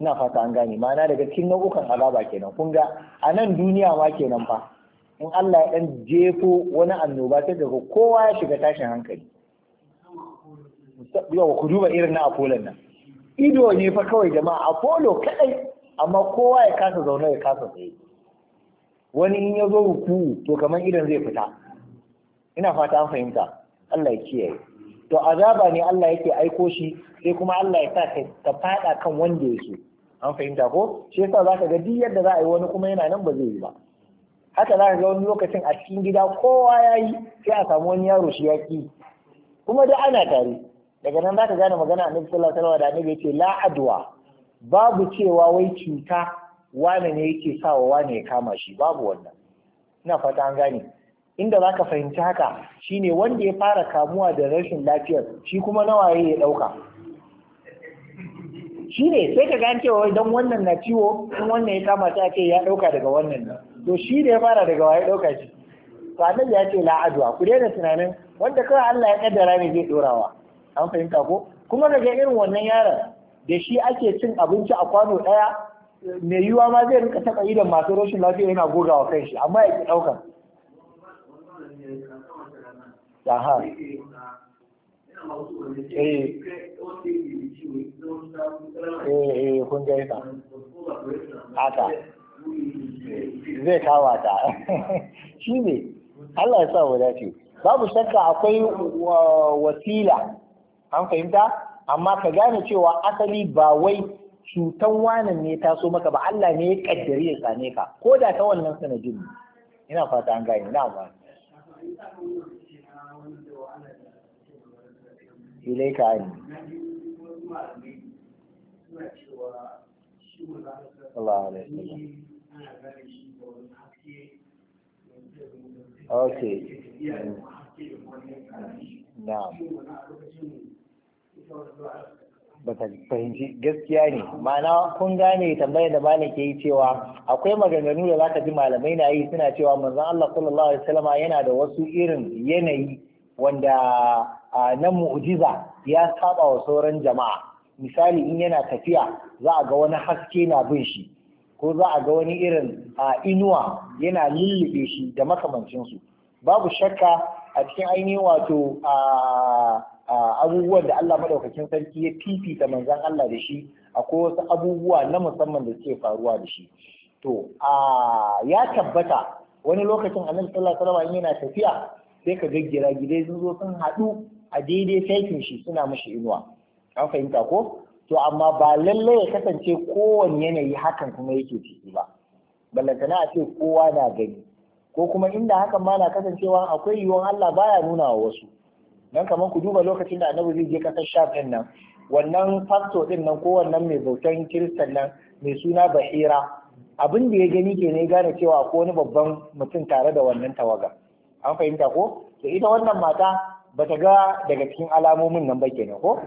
A: ina fata an gane ma'ana daga cikin nau'ukan azaba kenan kun ga a nan duniya ma kenan fa in Allah ya dan jefo wani annoba sai daga kowa ya shiga tashin hankali yau ku duba irin na Apollo nan ido ne fa kawai jama'a Apollo kadai amma kowa ya kasa zaune ya kasa tsaye wani in ya zo ruku to kamar idan zai fita ina fata an fahimta Allah ya kiyaye to azaba ne Allah yake aiko shi sai kuma Allah ya sa ka fada kan wanda yake so an fahimta ko shi yasa zaka ga duk yadda za a yi wani kuma yana nan ba zai yi ba haka zaka ga wani lokacin a cikin gida kowa yayi sai a samu wani yaro shi ya kuma da ana tare daga nan zaka gane magana Annabi sallallahu alaihi wasallam da Annabi yace la adwa babu cewa wai cuta wane ne yake sawa wane ya kama shi babu wannan ina fata an gane inda za ka fahimci haka shine wanda ya fara kamuwa da rashin lafiyar shi kuma nawaye ya ɗauka shi ne sai ka gane cewa don wannan na ciwo in wannan ya kama ta ce ya ɗauka daga wannan ne to shi da ya fara daga waye ɗauka shi to ya ce la'adwa ku daina tunanin wanda kawai Allah ya kaddara ne zai ɗorawa an fahimta ko kuma daga irin wannan yaron da shi ake cin abinci a kwano ɗaya mai yiwuwa ma zai rinka taɓa idan masu rashin lafiya yana gogawa kanshi amma ya ki ɗaukar Aha. Eh. Eh, eh kun ita. Haka. Zai kawo ta. <laughs> Shi ne, Allah ya sa mu dace. Babu shakka akwai wasila, an fahimta? Amma ka gane cewa asali ba wai cutan wanan ne so maka ba Allah ne ya kaddari ya same ka ko da ta wannan sanadin ina fata an gane na ba ilaika ani Allah Baka fahimci gaskiya ne. Ma'ana kun gane tambayar da bani ke yi cewa akwai maganganu da zaka ji malamai na yi suna cewa manzon Allah sallallahu alaihi wasallama yana da wasu irin yanayi wanda na mu'jiza ya saba wa sauran jama'a misali in yana tafiya za a ga wani haske na bin shi ko za a ga wani irin inuwa yana lullube shi da makamancinsu babu shakka a cikin ainihin wato abubuwan da Allah maɗaukakin sarki ya fifita manzan Allah da shi akwai wasu abubuwa na musamman da suke faruwa da shi to ya tabbata wani lokacin annabi sallallahu alaihi wasallam yana tafiya sai ka gaggira gidai sun zo sun haɗu a daidai saikin shi suna mashi inuwa an fahimta ko to amma ba lallai ya kasance kowane yanayi hakan kuma yake ciki ba ballantana a ce kowa na gani ko kuma inda hakan ma na kasancewa akwai yiwuwan Allah baya nuna wa wasu dan kamar ku duba lokacin da annabi zai je kasar sham din nan wannan fasto din nan ko wannan mai bautan kiristan nan mai suna bahira abin da ya gani ke ne gane cewa akwai wani babban mutum tare da wannan tawaga an fahimta ko to ita wannan mata ba ta ga daga cikin alamomin nan ba kenan ko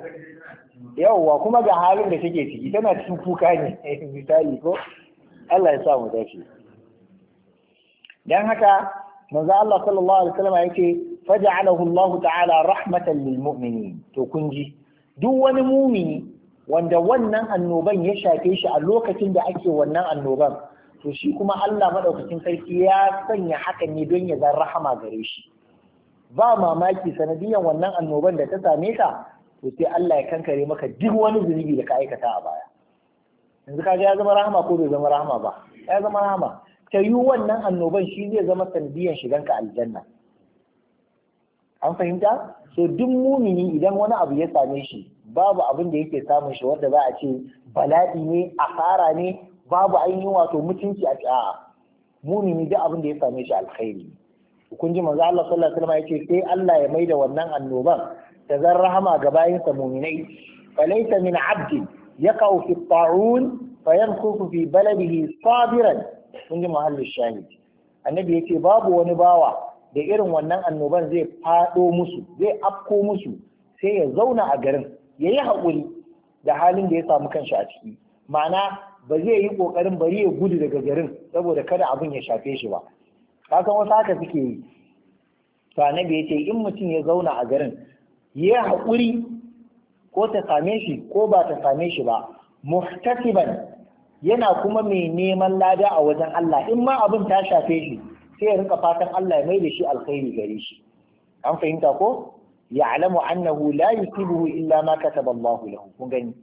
A: yawwa kuma ga halin da take ciki tana cikin kuka ne <laughs> misali ko Allah ya sa mu dace dan haka manzo Allah sallallahu alaihi wasallam yake faj'alahu Allah ta'ala rahmatan lil mu'minin to kun ji duk wani mumini wanda wannan annoban ya shafe shi a lokacin da ake wannan annoban to shi kuma Allah madaukakin sarki ya sanya haka ne don ya zan rahama gare shi ba mamaki sanadiyan wannan annoban da ta same ka to sai Allah ya kankare maka duk wani zunubi da ka aikata a baya yanzu kaga ya zama rahama ko bai zama rahama ba ya zama rahama ta yi wannan annoban shi zai zama sanadiyan ka aljanna an fahimta so duk mumini idan wani abu ya same shi babu abin da yake samun shi wanda za a ce bala'i ne asara ne babu ainihin wato mutunci a ta mumini duk abin da ya same shi alkhairi kun ji manzo Allah sallallahu alaihi wasallam yace sai Allah ya maida wannan annoban ta zan rahama ga bayansa muminai falaysa min abdin yaqau fi ta'un fayankufu fi baladihi sabiran kun ji muhallin shahid annabi yace babu wani bawa da irin wannan annoban zai fado musu zai afko musu sai ya zauna a garin yayi haƙuri da halin da ya samu kanshi a ciki ma'ana ba zai yi kokarin bari ya gudu daga garin saboda kada abin ya shafe shi ba kasan wasu haka suke yi to annabi ce in mutum ya zauna a garin ya hakuri ko ta same shi ko ba ta same shi ba muhtasiban yana kuma mai neman lada a wajen Allah in ma abin ta shafe shi sai ya rinka fatan Allah ya mai da shi alkhairi gare shi an fahimta ko ya'lamu annahu la yusibuhu illa ma kataba Allah lahu kun gani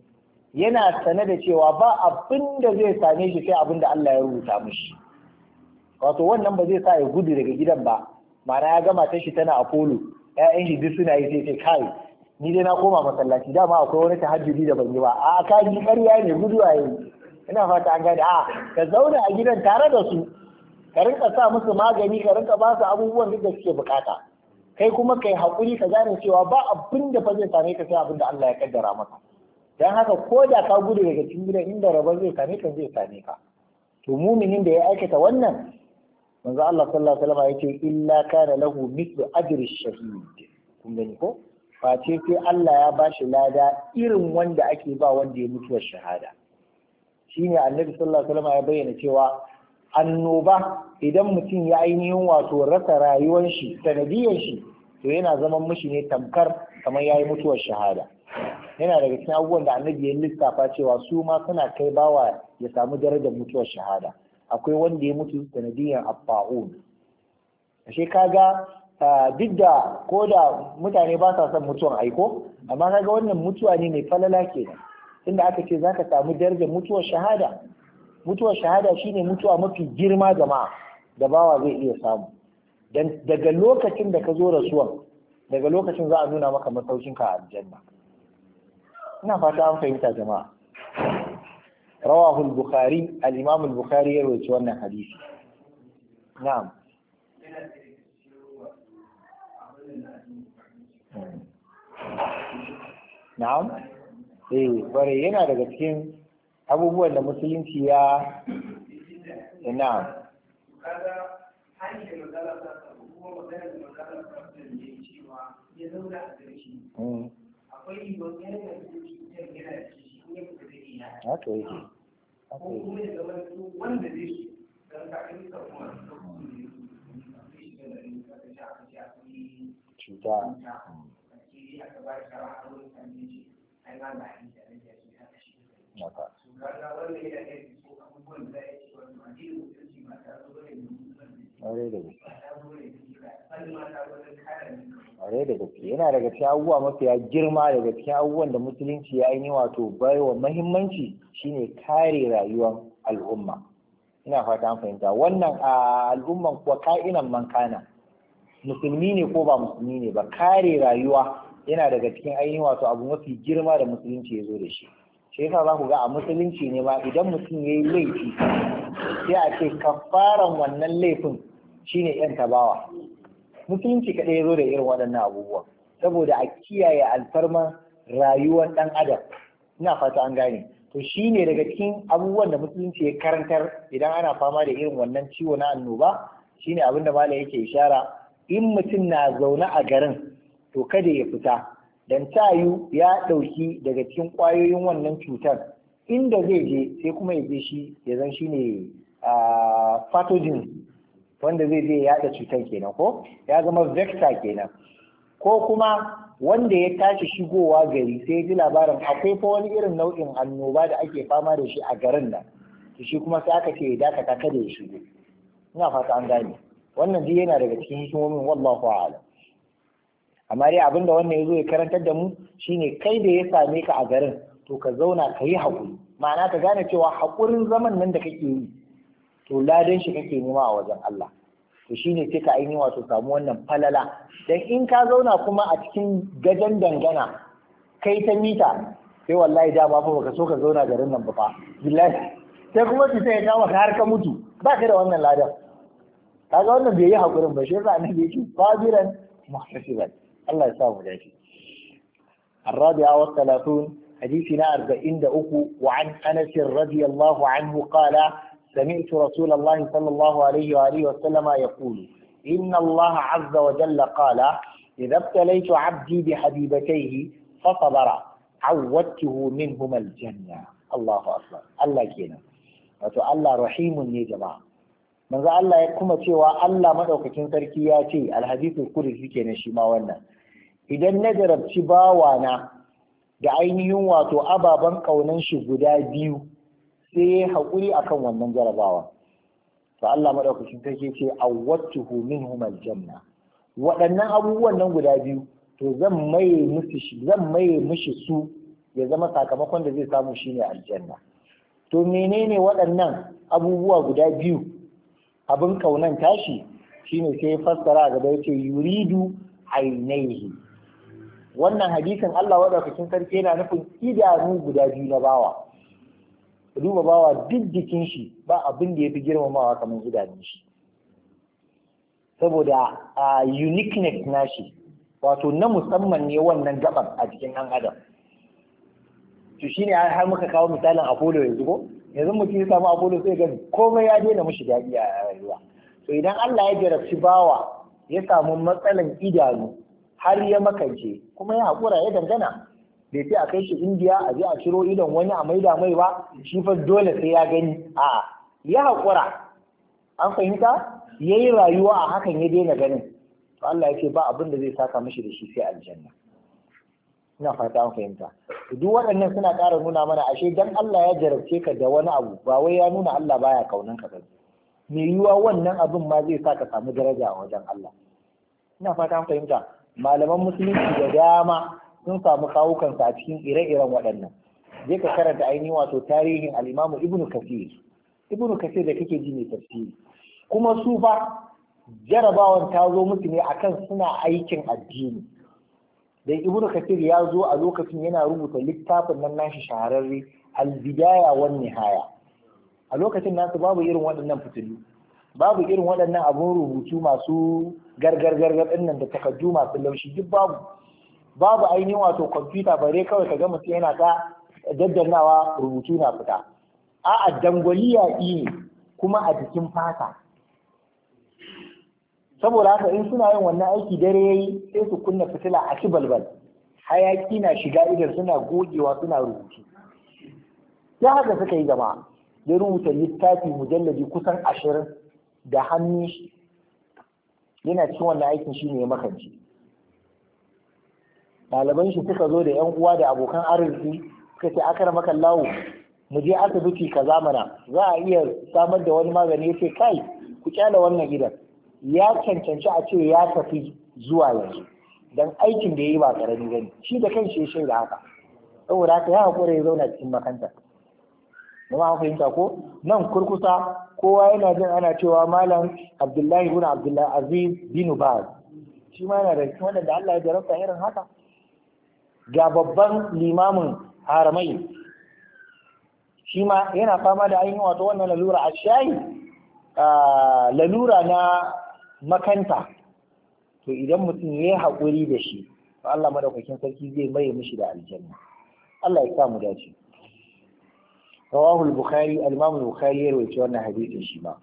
A: yana sane da cewa ba abin da zai same shi sai abin da Allah ya rubuta mishi wato wannan ba zai sa ya gudu daga gidan ba Mana ya gama ta shi tana apollo Ya'yan shi duk suna yi sai sai kai ni dai na koma masallaci dama akwai wani tahajjudi da ban yi ba a ka ji ƙarya ne gudu a yi ina fata an gane a ka zauna a gidan tare da su ka rinka sa musu magani ka rinka ba su abubuwan duk da suke bukata kai kuma kai haƙuri ka gane cewa ba abin da fa zai same ka sai abin da Allah ya kaddara maka don haka ko da ka gudu daga cikin gidan inda rabon zai same ka zai same ka to muminin da ya aikata wannan manzo Allah sallallahu alaihi wasallam yake illa kana lahu mithlu ajri shahid kun gani ko face sai Allah ya bashi lada irin wanda ake ba wanda ya mutu shahada shine annabi sallallahu alaihi wasallam ya bayyana cewa annoba idan mutum ya ainihin wato rasa rayuwar shi sanadiyar shi to yana zaman mushi ne tamkar kamar yayi mutuwar shahada yana daga cikin abubuwan da annabi ya lissafa cewa su ma suna kai bawa ya samu darajar mutuwar shahada akwai wanda ya mutu sanadiyyar abba'un ashe kaga duk da ko da mutane ba sa son mutuwan aiko amma kaga wannan mutuwa ne mai falala kenan inda aka ce zaka samu darajar mutuwar shahada mutuwar shahada shine mutuwa mafi girma jama'a da bawa zai iya samu daga lokacin da ka zo rasuwan daga lokacin za a nuna maka masaukinka a aljanna ina fata an fahimta jama'a rawahul bukhari al-imam al-bukhari ya rawaito wannan hadisi na'am na'am eh bare yana daga cikin abubuwan da musulunci ya na'am Mm. akwai wani yana da cutar yana da shi ne ku da wanda zai shi kuma cuta ƙwarai da gaske yana daga cikin abubuwa mafiya girma daga cikin abubuwan da musulunci ya yi wato baiwa mahimmanci shine kare rayuwar al'umma ina fata an fahimta wannan a al'umman kuwa ka'inan mankana musulmi ne ko ba musulmi ne ba kare rayuwa yana daga cikin ainihin wato abu mafi girma da musulunci ya zo da shi shi yasa za ku ga a musulunci ne ma idan mutum ya yi laifi sai a ce kafaran wannan laifin shine yan tabawa musulunci kaɗai ya zo da irin waɗannan abubuwa saboda a kiyaye alfarma rayuwar ɗan adam ina fata an gane to shi ne daga cikin abubuwan da musulunci ya karantar idan ana fama da irin wannan ciwo na annoba shine abin da malam yake ishara in mutum na zaune a garin to kada ya fita dan tayu ya ɗauki daga cikin ƙwayoyin wannan cutar inda zai je sai kuma ya je shi ya zan shi ne ah, pathogen wanda zai je yaɗa cutar kenan ko ya zama vector kenan ko kuma wanda ya tashi shigowa gari sai ya ji labarin akwai fa wani irin nau'in annoba da ake fama da shi a garin nan to shi kuma sai aka ce ya dakata kada ya shigo ina fata an gane wannan duk yana daga cikin hikimomin wallahu a'lam amma dai abin da wannan ya zo ya karantar da mu shine kai da ya same ka a garin to ka zauna ka yi haƙuri ma'ana ka gane cewa hakurin zaman nan da kake yi to ladan shi kake nema a wajen Allah to shine sai ka ainihin wato samu wannan falala dan in ka zauna kuma a cikin gadon dangana kai ta mita sai wallahi da ba baka so ka zauna garin nan ba fa billahi sai kuma su sai ka har ka mutu ba ka da wannan ladan kaga wannan bai yi hakurin ba shi yasa annabi yake sabiran muhtasiban Allah ya sa mu dace الرابعة والثلاثون حديثنا أربعين وعن أنس رضي الله عنه قال سمعت رسول الله صلى الله عليه وآله وسلم يقول إن الله عز وجل قال إذا ابتليت عبدي بحبيبتيه فصبر عودته منهما الجنة الله أكبر الله كينا Wato Allah رحيم ne jama'a. manzo Allah ya kuma cewa Allah madaukakin sarki ya ce alhadithul qudsi kenan shi ma wannan idan na jarabci bawana da ainihin wato ababen kaunan shi guda biyu sai ya haƙuri a kan wannan jarabawa to Allah ta ke ce a homin minhum janna. waɗannan abubuwan nan guda biyu to zan maye musu zan maye mushi su ya zama sakamakon da zai samu shi ne aljanna to menene waɗannan abubuwa guda biyu abin kaunan tashi shine sai fassara gaba yace yuridu ainihi wannan hadisin Allah wadaukakin sarki yana nufin idanu guda biyu na bawa duba bawa duk jikin shi ba abin da ya fi girmamawa kamar idanun shi saboda a uniqueness nashi wato na musamman ne wannan gaban a jikin ɗan adam to shine har muka kawo misalin apollo yanzu ko yanzu mutum ya samu apollo sai ga komai ya daina mushi daɗi a rayuwa to idan Allah ya jarabci bawa ya samu matsalan idanu har ya makance kuma ya haƙura ya dangana bai sai a kai shi indiya a je a ciro idon wani a maida mai ba shi fa dole sai ya gani a ya haƙura an fahimta ya yi rayuwa a hakan ya daina ganin to Allah ya ce ba abin da zai saka mishi da shi sai aljanna ina fata an fahimta duk waɗannan suna ƙara nuna mana ashe dan Allah ya jarabce ka da wani abu ba wai ya nuna Allah baya kaunan ka ba me yiwa wannan abin ma zai sa ka samu daraja a wajen Allah ina fata an fahimta malaman musulunci da dama sun samu kawukansa a cikin ire-iren waɗannan je ka karanta ainihin wato tarihin al'imamu ibnu kafir ibnu kafir da kake ji mai tafsiri kuma su ba jarabawan ta zo musu ne akan suna aikin addini da ibnu kafir ya zo a lokacin yana rubuta littafin nan nashi shahararre al-bidaya wan nihaya a lokacin nasu babu irin waɗannan fitilu babu irin waɗannan abun rubutu masu gargar gargar ɗin nan da takaddu masu laushi duk babu babu ainihin wato kwamfuta bare kawai ka ga mutum yana ta daddannawa rubutu na fita a'a dangwaliya ne kuma a jikin fata saboda haka in suna yin wannan aiki dare yayi sai su kunna fitila a ci balbal hayaki na shiga idan suna gogewa suna rubutu ya haka suka yi jama'a ya rubuta littafi mujalladi kusan ashirin da hannu yana cin wannan aikin shi ne makanci malaman shi suka zo da 'yan uwa da abokan arziki suka ce akar maka lawo mu je asibiti ka zamana za a iya samar da wani magani ya ce kai ku kyale wannan gidan ya cancanci a ce ya tafi zuwa yanzu don aikin da ya yi ba karami gani shi da kan shi shaida haka saboda haka ya haƙura ya zauna cikin makanta kuma an fahimta ko nan kurkusa kowa yana jin ana cewa malam abdullahi ibn abdullahi aziz bin baz shi ma yana da wannan da Allah ya jarabta irin haka ga babban limamin haramai shi ma yana fama da ainihin wato wannan lalura a shayi lalura na makanta to idan mutum ya yi haƙuri da shi to Allah madaukakin sarki zai maye mishi da aljanna Allah ya sa mu dace rawahul bukhari al-imam al-bukhari ya rawaito wannan hadisin shi ma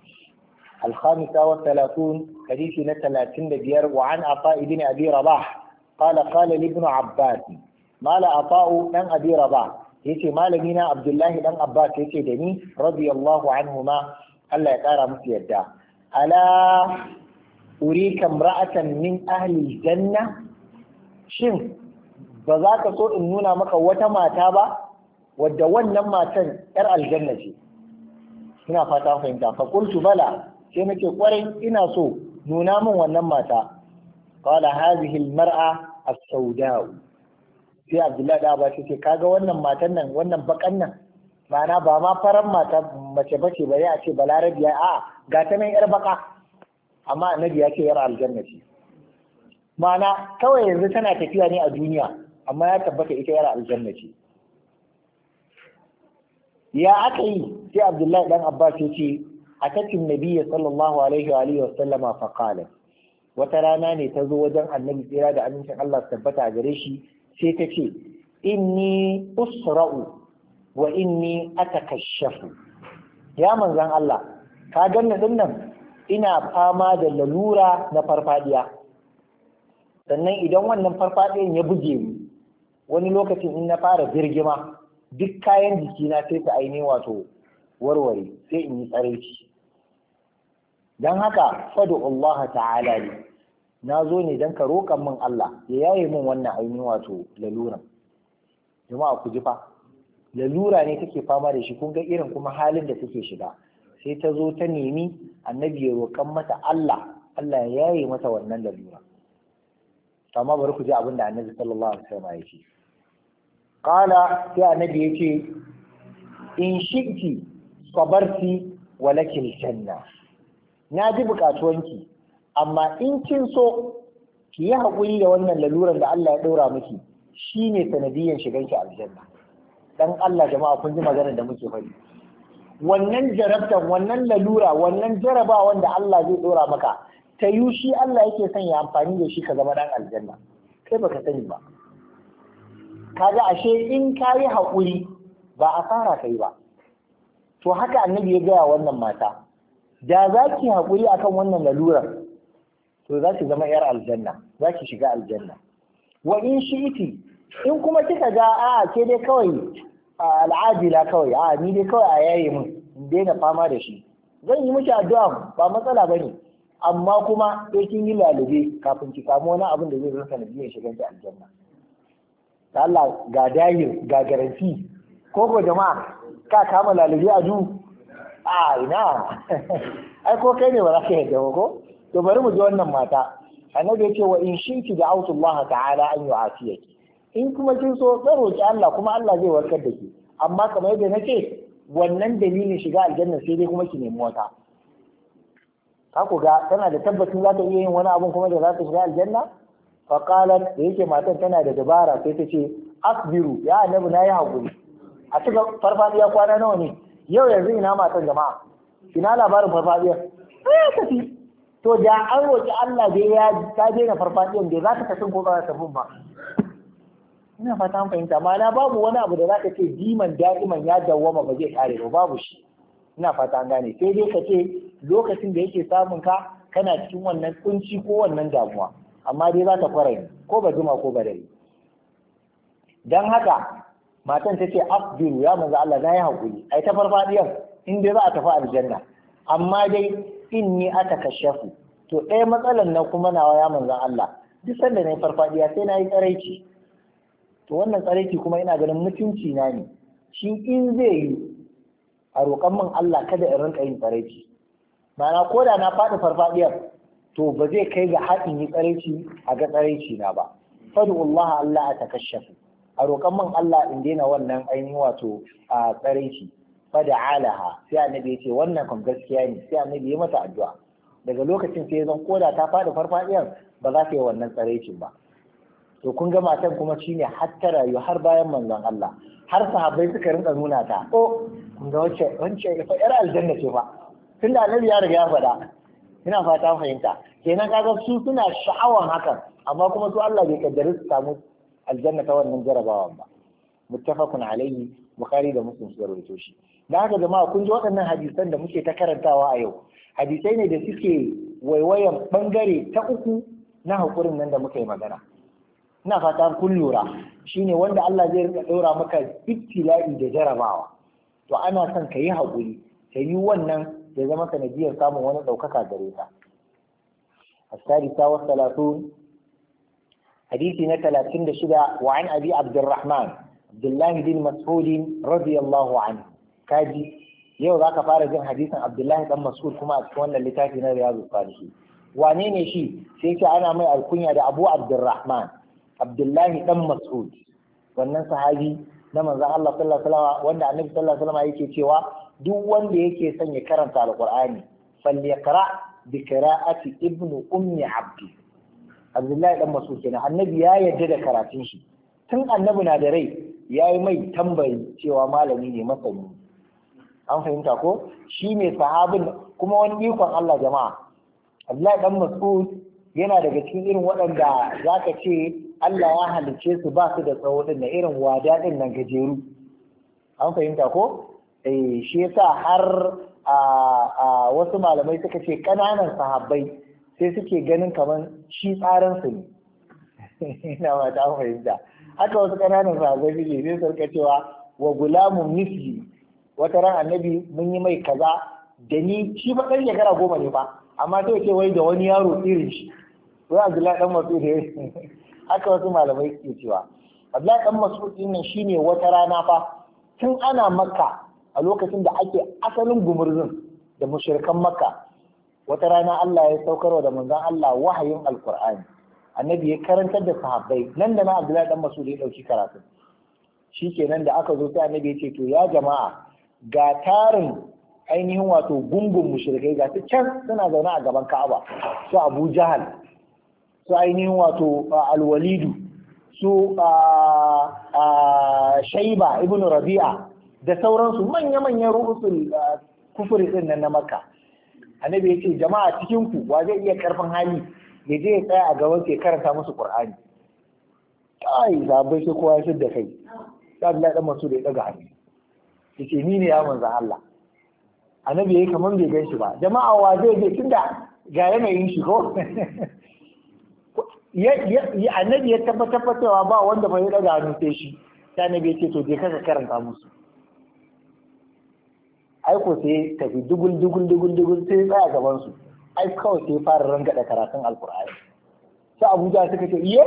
A: الخامسة والثلاثون حديث نتلا تندبير وعن عطاء بن أبي رباح قال قال لابن عباس mala afa'u dan abira ba yace malami na abdullahi dan abbas yace da ni radiyallahu anhuma Allah ya kara musu yadda ala urika imra'atan min ahli janna shin ba za ka so in nuna maka wata mata ba wadda wannan matan yar aljanna ce ina fata fahimta fa qultu bala sai nake kwarai ina so nuna min wannan mata qala hadhihi a as-sawda'u sai abdullahi da abashi ce kaga wannan matan nan wannan bakan nan ma'ana ba ma faran mata mace bace ba ya ce balarabiya a ga ta nan yar baka amma annabi ya ce yar aljanna ce ma'ana kawai yanzu tana tafiya ne a duniya amma ya tabbata ita yar aljanna ce ya aka yi sai abdullahi dan abbas ya ce atatin nabiyyi sallallahu alaihi wa alihi wa sallama faqala wata rana ne ta zo wajen annabi tsira da amincin Allah tabbata a gare shi sai ta ce in ni usra'u wa inni atakashafu ya manzan Allah ka ganna dinnan ina fama da lalura na farfadiya sannan idan wannan farfadiyan ya buge mu, wani lokacin in na fara birgima duk kayan jikina sai su aini wato warware sai in yi tsaraici don haka fadu Allah ta'ala ne na zo ne don ka roƙan min Allah ya yaye min wannan ainihin wato lalura. jama'a ku ji fa lalura ne take fama da shi kun ga irin kuma halin da take shiga sai ta zo ta nemi annabi ya roƙan mata Allah Allah ya yaye mata wannan lalura amma bari ku ji abin da annabi sallallahu alaihi wasallam ya ce qala sai annabi ya ce in shiki sabarti walakin janna na ji bukatuwanki amma in kin so ki yi haƙuri da wannan laluran da Allah ya ɗora miki shi ne sanadiyyar shigan ki aljanna dan Allah jama'a kun ji maganar da muke faɗi wannan jarabtan wannan lalura wannan jarabawan da Allah zai ɗora maka ta yi shi Allah yake son ya amfani da shi ka zama dan aljanna kai baka sani ba kaga ashe in ka yi haƙuri ba asara kai ba to haka annabi ya gaya wannan mata da za ki haƙuri akan wannan laluran. to za ki zama yar aljanna za ki shiga aljanna wa in shi'iti in kuma kika ga a ke dai kawai al'ajila kawai a ni dai kawai a yaye mun daina fama da shi zan yi miki addu'a ba matsala bane amma kuma sai kin yi lalube kafin ki samu wani abin da zai na sanadiyar shigar ki aljanna da Allah ga dahir ga garanti ko ko jama'a ka kama lalube a du a ina <laughs> ai ko kai ne ba za ka yi ko to bari mu ji wannan mata annabi yake wa in shinki da Allah ta'ala an yu'afiyaki in kuma kin so zan roki Allah kuma Allah zai warkar da ki amma kamar yadda nake wannan dalilin shiga aljanna sai dai kuma ki nemi wata ka ku ga tana da tabbacin za ta iya yin wani abun kuma da za ta shiga aljanna fa qalat da yake matan tana da dabara sai ta ce asbiru ya annabi nayi hakuri a cikin farfadiya kwana nawa ne yau yanzu ina matan jama'a ina labarin farfadiyar sai eh, ya to da an roƙi Allah bai ya ta daina farfadiyan bai za ka ta ko ba ta ba ina fata an fahimta ma'ana babu wani abu da za ka ce diman da'iman ya dawwama ba zai kare ba babu shi ina fata an gane sai dai ka ce lokacin da yake samun ka kana cikin wannan kunci ko wannan damuwa amma dai za ta kwarai ko ba juma ko ba dare dan haka matan ta ce afdiru ya manzo Allah na yi hakuri ai ta farfadiyan in dai za a tafi aljanna amma dai inni aka kashafu to ɗaya matsalar na kuma na ya manzan Allah duk sanda na yi farfadiya sai na yi tsaraici to wannan tsaraici kuma ina ganin mutunci na ne shi in zai yi a roƙon min Allah kada in rinka yin tsaraici ma'ana ko da na faɗi farfadiyar to ba zai kai ga haɗin yi tsaraici a ga tsaraici na ba fad'ullah Allah a takashafu a roƙon min Allah in daina wannan ainihin wato a tsaraici alaha sai annabi ya ce wannan kan gaskiya ne sai annabi ya mata addu'a daga lokacin sai zan koda ta faɗi farfadiyan ba za ta yi wannan tsaraicin ba to kun ga matan kuma shine har har bayan manzon Allah har sahabbai suka rinka nuna ta ko oh, kun ga wacce wacce fa yar aljanna ce fa tunda annabi ya riga ya faɗa ina fata fahimta kenan kaga su suna sha'awan hakan amma kuma su Allah bai kaddare su samu aljanna ta wannan jarabawan ba muttafaqun alaihi bukhari da muslim suka rawaito shi da haka jama'a kun ji waɗannan hadisan da muke ta karantawa a yau hadisai ne da suke waiwayan bangare ta uku na haƙurin nan da muka yi magana ina fata kun lura shine wanda Allah zai rika ɗora maka ibtila'i da jarabawa to ana son ka yi haƙuri ka yi wannan ya zama sanadiyar samun wani ɗaukaka gare ka الثالثة والثلاثون حديثنا ثلاثين شدة وعن أبي عبد الرحمن عبد الله بن مسعود رضي الله عنه kaji yau za ka fara jin hadisin abdullahi dan mas'ud kuma a cikin wannan littafi na riyadu salihi wane ne shi sai ce ana mai alkunya da abu abdurrahman abdullahi dan mas'ud wannan sahabi na manzon Allah sallallahu alaihi wasallam wanda annabi sallallahu alaihi wasallam yake cewa duk wanda yake son ya karanta alqur'ani falyaqra bi qira'ati ibnu ummi abdi abdullahi dan mas'ud kenan annabi ya yarda da karatun shi tun annabi na da rai ya yi mai tambayi cewa malami ne masani an fahimta ko shi ne sahabin kuma wani ikon Allah jama'a Allah dan Mas'ud yana daga cikin irin waɗanda za ka ce Allah ya halicce su ba su da tsawo din na irin wada ɗin nan gajeru an fahimta ko eh shi yasa har a wasu malamai suka ce ƙananan sahabbai sai suke ganin kamar shi tsarin su ne <laughs> ina ba ta fahimta haka wasu ƙananan sahabbai suke sai sarkacewa wa gulamun misli wata ran annabi mun yi mai kaza da ni shi ba ɗan shekara goma ne ba amma sai ce wai da wani yaro irin shi wai abdullahi dan mas'ud ya <laughs> haka wasu malamai ke cewa abdullahi dan mas'ud din nan shine wata rana fa tun ana makka a lokacin da ake asalin gumurzun da mushrikan makka wata rana Allah ya saukarwa da manzon Allah wahayin alqur'ani annabi ya karantar da sahabbai nan da na abdullahi dan da ya dauki karatu Shi shikenan da aka zo sai annabi ya ce to ya jama'a ga tarin ainihin wato gungun mushrikai ga su can suna zaune a gaban Ka'aba su Abu Jahal su ainihin wato Alwalidu, su Shaiba ibn Rabi'a da sauransu manya-manyan ru'usul kufuri din nan na Makka annabi ya ce jama'a cikinku, wa zai iya karfin hali ya je ya tsaya a gaban ke karanta musu Qur'ani kai zabai sai kowa ya da kai Abdullahi dan da ya daga hannu yace ni ne ya manzan Allah annabi yayi kaman bai gan shi ba jama'a wa zai je tunda ga yanayin shi ko <laughs> annabi ya tabbatar cewa ba wanda bai daga hannu sai shi sai annabi ya ce to je kaka karanta musu aiko sai tafi dugul dugul dugul dugul sai tsaya gaban su ai kawai sai fara rangada karatun alqur'ani sai abuja suka ce iye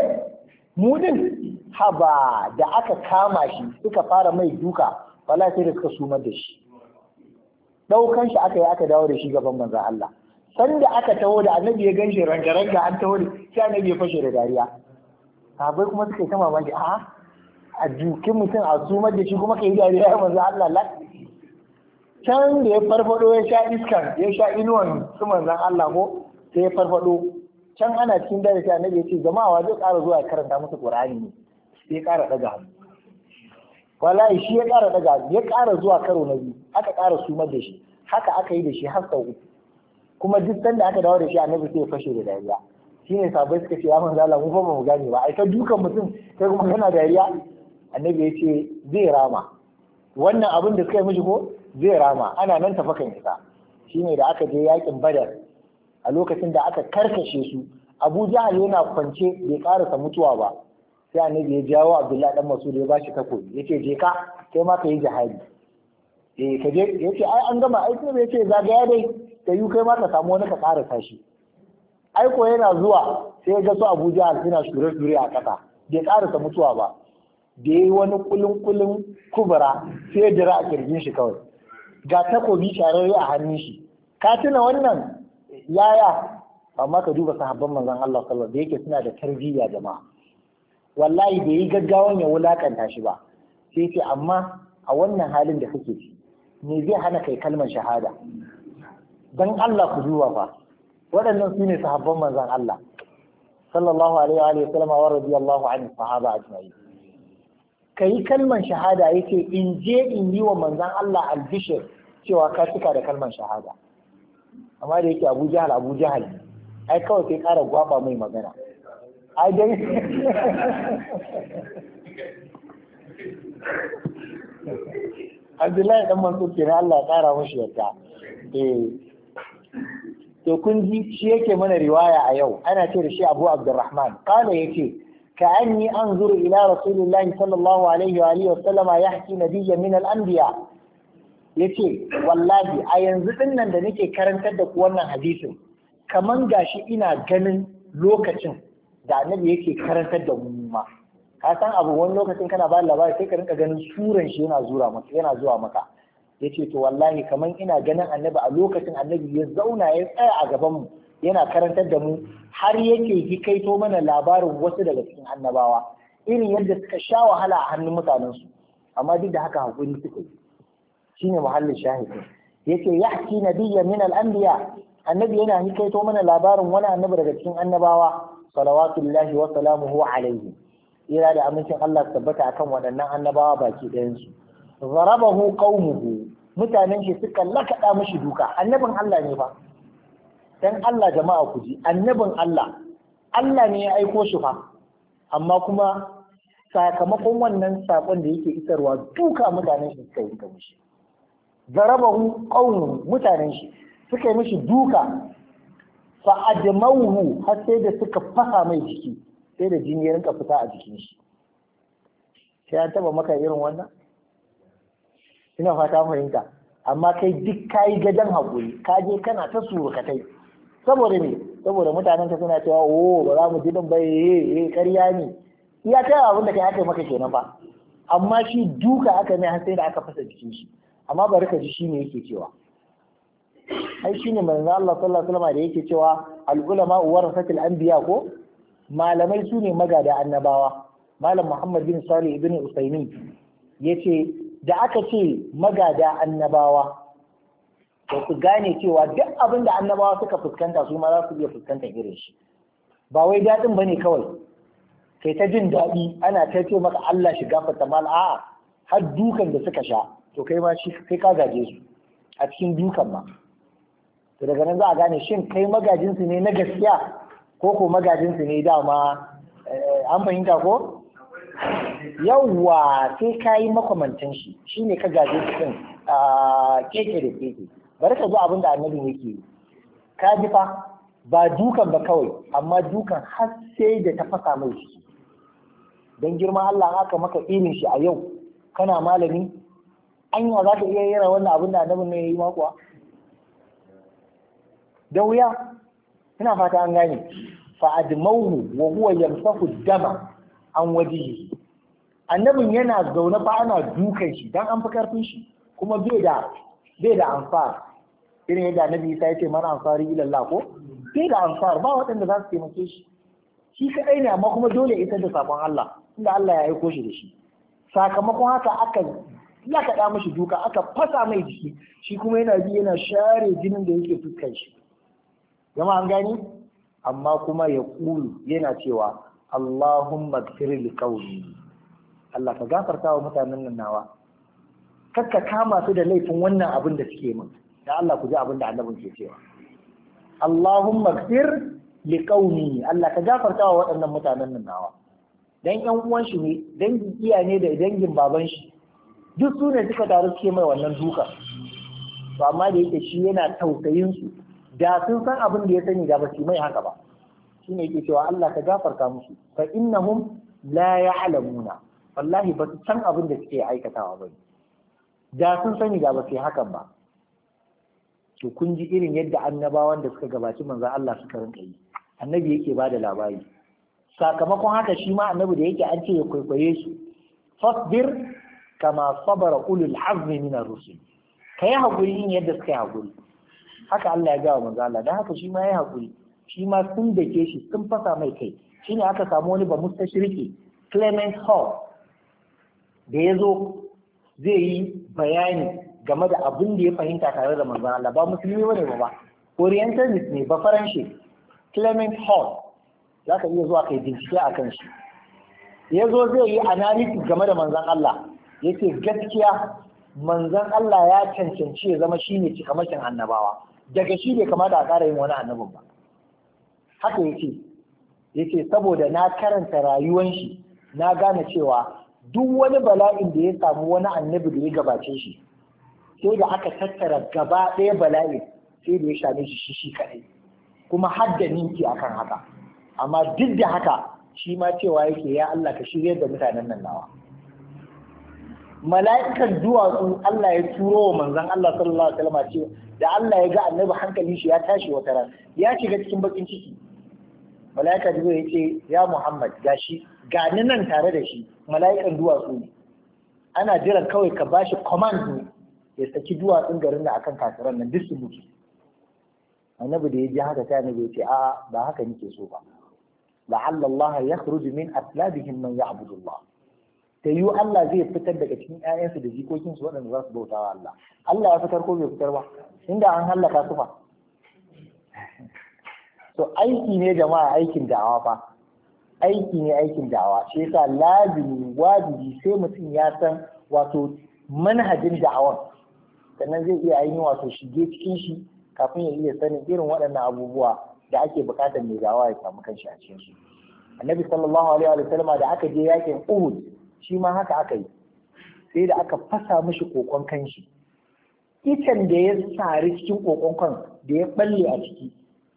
A: mu din haba da aka kama shi suka fara mai duka wala sai da suka sumar da shi daukan shi aka yi aka dawo da shi gaban manzo Allah sanda aka taho da annabi ya ganshi ranga an taho da sai annabi ya fashe da dariya sahabbai kuma suka yi ta mamaki a a jikin mutum a sumar da shi kuma ka yi dariya ya manzo Allah la can da ya farfado ya sha iskan ya sha inuwan su manzon Allah ko sai ya farfado can ana cikin dare sai annabi ya ce jama'a wa zai ƙara zuwa karanta musu Qur'ani ne sai ya ƙara daga hannu wallahi shi ya ƙara daga ya ƙara zuwa karo na biyu aka ƙara sumar da shi haka aka yi da shi har sau uku kuma duk sanda aka dawo da shi annabi sai ya fashe da dariya Shi ne sabai suka ce ya manzo mu fa ba mu gane ba ai ta dukan mutum sai kuma kana dariya annabi ya ce zai rama wannan abin da suka yi mishi ko zai rama ana nan tafakan isa ne da aka je yakin badar a lokacin da aka karkashe su abu jahal yana kwance bai karasa mutuwa ba sai annabi ya jawo abdullahi dan masud ya bashi takobi yace je ka kai ma ka yi jihadi eh ka je yace ai an gama ai sai yace zagaya dai ka yi kai ma ka samu wani ka ƙara tashi ai ko yana zuwa sai ga su Abuja suna shure-shure a ƙasa bai ƙarasa mutuwa ba da yi wani kulun-kulun kubura sai ya jira a kirgin shi kawai ga takobi shararre a hannun shi ka tuna wannan yaya amma ka duba sahabban manzon Allah sallallahu alaihi wasallam da yake suna da tarbiyya jama'a wallahi bai yi gaggawan ya wulakanta shi ba sai ce amma a wannan halin da kake ci me zai hana kai kalmar shahada dan Allah ku duba fa waɗannan su ne sahabban manzon Allah sallallahu alaihi wa sallam wa radiyallahu anhu sahaba ajma'i kai kalmar shahada yake in je in yi wa manzon Allah albishir cewa ka cika da kalmar shahada amma da yake Abu Jahal Abu Jahal ai kawai sai kara gwaba mai magana ai Abdullahi dan Mansur na Allah ya kara mashi yadda eh to kun ji shi yake mana riwaya a yau ana ce da shi Abu Abdurrahman kana yace ka anni anzuru ila rasulillahi sallallahu alaihi wa alihi wa sallama yahki nabiyyan min al-anbiya yace wallahi a yanzu din nan da nake karantar da ku wannan hadisin kaman gashi ina ganin lokacin da annabi yake karantar da mu ma ka san abu wani lokacin kana ba labari sai ka rinka ganin suran shi yana zura maka yana zuwa maka yace to wallahi kaman ina ganin annabi a lokacin annabi ya zauna ya tsaya a gaban mu yana karantar da mu har yake to mana labarin wasu daga cikin annabawa irin yadda suka sha wahala a hannun mutanen su amma duk da haka hakuri suka yi shine muhallin shahidi yace yahki nabiyya min al-anbiya annabi yana hikaito mana labarin wani annabi daga cikin annabawa salawatullahi wa salamuhu alayhi. ira da amincin Allah tabbata akan waɗannan annabawa baki ɗayan zarabahu qaumuhu mutanen shi suka lakaɗa mishi duka annabin Allah ne fa dan Allah jama'a ku ji annabin Allah Allah ne ya aiko shi fa amma kuma sakamakon wannan sakon da yake isarwa duka mutanen shi suka yi mishi zarabahu qaumuhu mutanen shi suka yi mishi duka fa ajmauhu har sai da suka fasa mai jiki sai da jini ya rinka fita a jikin shi sai an taba maka irin wannan ina fata fahimta amma kai duk kayi gadan hakuri ka je kana ta surukatai saboda me saboda mutanen ka suna cewa o oh, ba za mu ji dan ba eh, eh eh ƙarya ne iya kai abin da kai aka maka kenan ba amma shi duka aka mai har sai da aka fasa jikin shi amma bari ka ji shi ne yake cewa ai shine manzo Allah sallallahu alaihi wasallam da yake cewa al ulama warasatul anbiya ko malamai su ne magada annabawa malam Muhammad bin Salih ibn Usaimin yace da aka ce magada annabawa to ku gane cewa duk abin da annabawa suka fuskanta su ma za su iya fuskanta irin shi ba wai daɗin bane kawai kai ta jin daɗi ana ta ce maka Allah shiga fata mal a'a har dukan da suka sha to kai ma shi kai ka gaje su a cikin dukan ma to daga nan za a gane shin kai magajinsu ne na gaskiya ko ko magajinsu ne dama eh, an fahimta ko yawwa sai ka yi makamantan shi shine ka gaje su din keke da keke bari ka zo abin da annabin yake yi ka ji fa ba dukan ba kawai amma dukan har sai da ta fasa mai shi dan girma Allah aka maka irin shi a yau kana malami anya za ka iya yi wannan abin da annabi ne ya yi makuwa da wuya ina fata an gane fa admauhu wa huwa yamsahu dama an wajihi annabin yana zaune ba ana dukan shi dan an fi karfin shi kuma bai da bai da amfar irin yadda annabi Isa ya ce mana ila ko bai da amfar ba waɗanda zasu su taimake shi shi kadai ne amma kuma dole isar da sakon Allah inda Allah ya aiko shi da shi sakamakon haka aka ya kaɗa mashi duka aka fasa mai jiki shi kuma yana ji yana share jinin da yake fuskar shi jama'a an gani amma kuma ya kulu yana cewa Allahumma gfir li qawmi Allah ka gafarta wa mutanen nan nawa kakka kama su da laifin wannan abin da suke min da Allah ku ji abin da annabin ke cewa Allahumma gfir li qawmi Allah ka gafarta wa waɗannan mutanen nan nawa dan ƴan uwan shi ne dangin iya ne da dangin baban shi duk su ne suka taru suke mai wannan duka to amma da yake shi yana tausayin su da sun san abin da ya sani da ba su mai haka ba shine yake cewa Allah ka gafarta musu fa innahum la ya'lamuna wallahi ba su san abin da suke aikatawa ba da sun sani da ba su hakan ba to kun ji irin yadda annabawan da suka gabaci manzon Allah suka rinka yi annabi yake bada labari sakamakon haka shi ma annabi da yake an ce ya kwaikwaye su fasbir kama sabara ulul azmi min ar-rusul kai hakuri yin yadda suka yi hakuri haka Allah ya gawa manzo Allah dan haka shi ma ya hakuri shi ma sun da ke shi sun fasa mai kai shine aka samu wani ba Shirki Clement Hall da ya zo zai yi bayani game da abin da ya fahimta tare da manzon Allah ba musulmi bane ba orientalist ne ba faranshe Clement Hall za ka iya zuwa kai bincike a kan shi ya zo zai yi analysis game da manzon Allah ya ce gaskiya manzon Allah ya cancanci ya zama shi ne cikamakin annabawa daga shi bai kamata a ƙara yin wani annabin ba haka yake yake saboda na karanta rayuwan shi na gane cewa duk wani bala'in da ya samu wani annabi da ya gabace shi sai da aka tattara gaba ɗaya bala'in sai da ya same shi shi kaɗai kuma har da ninki akan haka amma duk da haka shi ma cewa yake ya Allah ka shirya da mutanen nan nawa mala'ikan duwatsu Allah ya turo wa manzon Allah sallallahu alaihi wasallam da Allah ya ga annabi hankali shi ya tashi wata ran ya shiga cikin bakin ciki mala'ika jibril ya ce ya muhammad gashi ga ni nan tare da shi mala'ikan duwatsu ne ana jiran kawai ka bashi command ne ya saki duwatsun garin da akan kasaran nan duk su mutu annabi da ya ji haka ta annabi ya ce a'a ba haka nake so ba la'alla Allah ya khruju min aslabihim man ya'budullah ta yi Allah zai fitar daga cikin 'ya'yansu da jikokinsu waɗanda za su bauta wa Allah Allah ya fitar ko bai fitar ba inda an hallaka su fa to aiki ne jama'a aikin da'awa fa aiki ne aikin da'awa shi yasa lazimi wajibi sai mutum ya san wato manhajin da'awan sannan zai iya ainihin wato shige cikin shi kafin ya iya sanin irin waɗannan abubuwa da ake buƙatar mai da'awa ya samu kanshi a cikin su annabi sallallahu alaihi wa sallam da aka je yakin uhud shi ma haka aka yi sai da aka fasa mishi kokon kanshi itan da ya sari cikin kokon kan da ya balle a ciki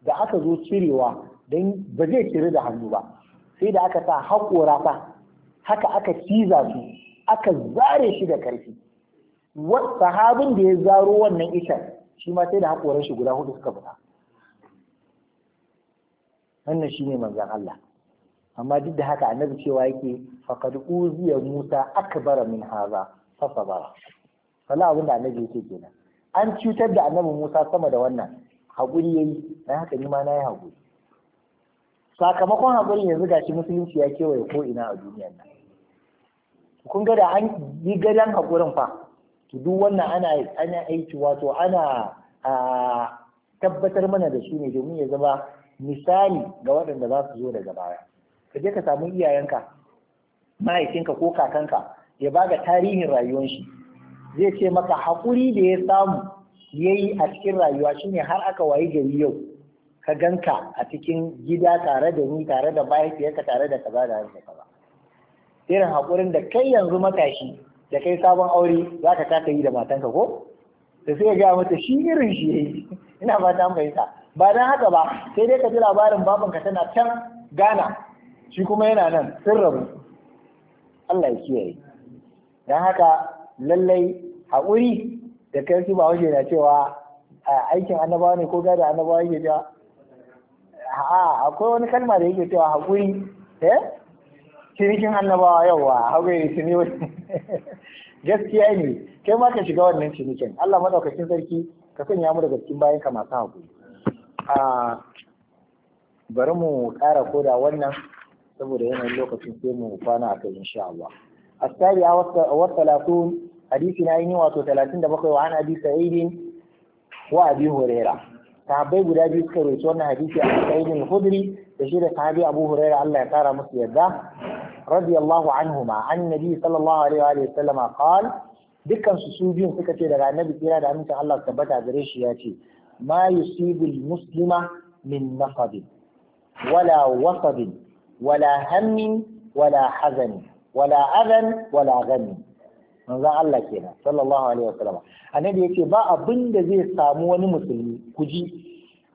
A: da aka zo cirewa don ba zai cire da hannu ba sai da aka sa haƙora ta haka aka ciza su aka zare shi da ƙarfi sahabin da ya zaro wannan itan shi ma sai da haƙoran shi guda hudu suka fita wannan shi ne manzan Allah amma duk da haka annabi cewa yake faqad uziya Musa akbara min haza fa sabara wala annabi yake kenan an cutar da annabi Musa sama da wannan haƙuri yayi dan haka ni ma nayi hakuri. sakamakon haƙurin yanzu gashi musulunci ya kewaye ko ina a duniyar nan kun ga da an yi gadon hakurin fa to duk wannan ana ana aiki wato ana tabbatar mana da shi ne domin ya zama misali ga waɗanda za su zo daga baya ka je ka samu iyayenka mahaifinka ko kakanka ya ga tarihin rayuwar shi zai ce maka haƙuri da ya samu ya yi a cikin rayuwa ne har aka wayi gari yau ka ganka a cikin gida tare da ni tare da mahaifiyarka tare da kaza da kaza irin haƙurin da kai yanzu matashi da kai sabon aure za ka taka yi da matanka ko da sai ya gaya mata shi irin shi ya yi. ina fata mai ba don haka ba sai dai ka ji labarin babanka tana can gana. shi kuma yana nan sun rabu Allah ya kiyaye don haka lallai haƙuri da karfi ba waje na cewa aikin annabawa ne ko gada annabawa yake da. a akwai wani kalma da yake cewa haƙuri eh cinikin annabawa yawa haƙuri cini <laughs> gaskiya ne kai ma ka shiga wannan cinikin Allah madaukakin sarki ka sanya mu daga cikin bayan ka masu haƙuri bari mu ƙara koda wannan saboda yanayin lokacin sai mu kwana a kai insha Allah السابعة والثلاثون talatin da واتو ثلاثين دبقوا وعن أبي سعيد وأبي هريرة sahabbai guda biyu suka rubuta wannan hadisi a Sa'idin Khudri da shi da sahabi Abu Hurairah Allah ya kara musu yadda radiyallahu anhuma an nabi sallallahu alaihi wa sallama qala dukkan su su biyun suka ce da ranar kira da amincin Allah tabbata gare shi ya ce ma yusibul muslima min naqabin wala wasabin wala hammin wala hazani wala adan wala gani manzon Allah kenan sallallahu alaihi wasallam annabi yace ba abin da zai samu wani musulmi kuji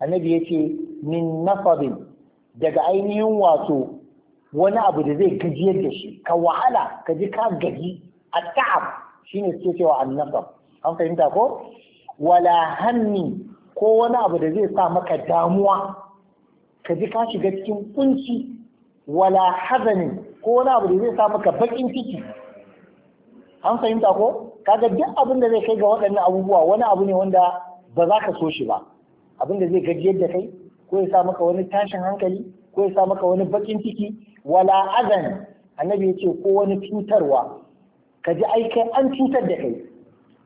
A: annabi yace min nafadin daga ainihin wato wani abu da zai gajiyar da shi ka wahala ka ji ka gaji a ta'ab shine suke cewa annasab an fahimta ko wala hanni ko wani abu da zai sa maka damuwa ka ji ka shiga cikin ƙunci. wala hazanin ko wani abu da zai sa maka bakin ciki an fahimta ko kaga duk abin da zai kai ga waɗannan abubuwa wani abu ne wanda ba za ka so shi ba abin da zai gajiyar da kai ko ya sa maka wani tashin hankali ko ya sa maka wani bakin ciki wala azan annabi ya ce ko wani cutarwa ka ji ai kai an cutar da kai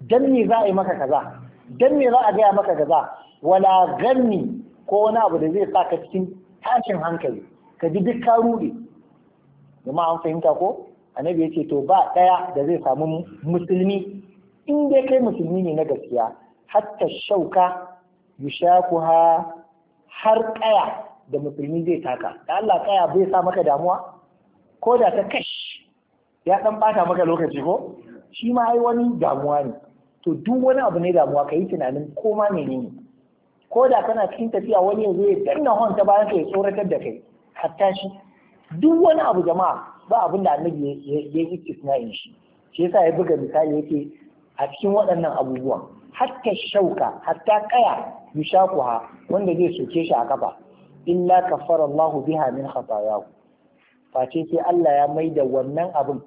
A: dan me za a yi maka kaza dan me za a gaya maka kaza wala ganni ko wani abu da zai sa ka cikin tashin hankali ka ji duk ka rude jama'a an fahimta ko annabi ya ce to ba ɗaya da zai samu musulmi in dai kai musulmi ne na gaskiya hatta shauka ha har ƙaya da musulmi zai taka da Allah ƙaya bai sa maka damuwa ko da ta kash ya ɗan ɓata maka lokaci ko shi ma ai wani damuwa ne to duk wani abu ne damuwa ka yi tunanin koma menene ko da kana cikin tafiya wani ya zo ya danna hon ta bayan ka ya tsoratar da kai hatta shi duk wani abu jama'a ba abin da annabi ya yi istisna'in shi shi yasa ya buga misali yake a cikin waɗannan abubuwan hatta shauka hatta kaya yushaquha wanda zai soke shi a kafa illa kafara Allahu biha min khatayahu face sai Allah ya maida wannan abin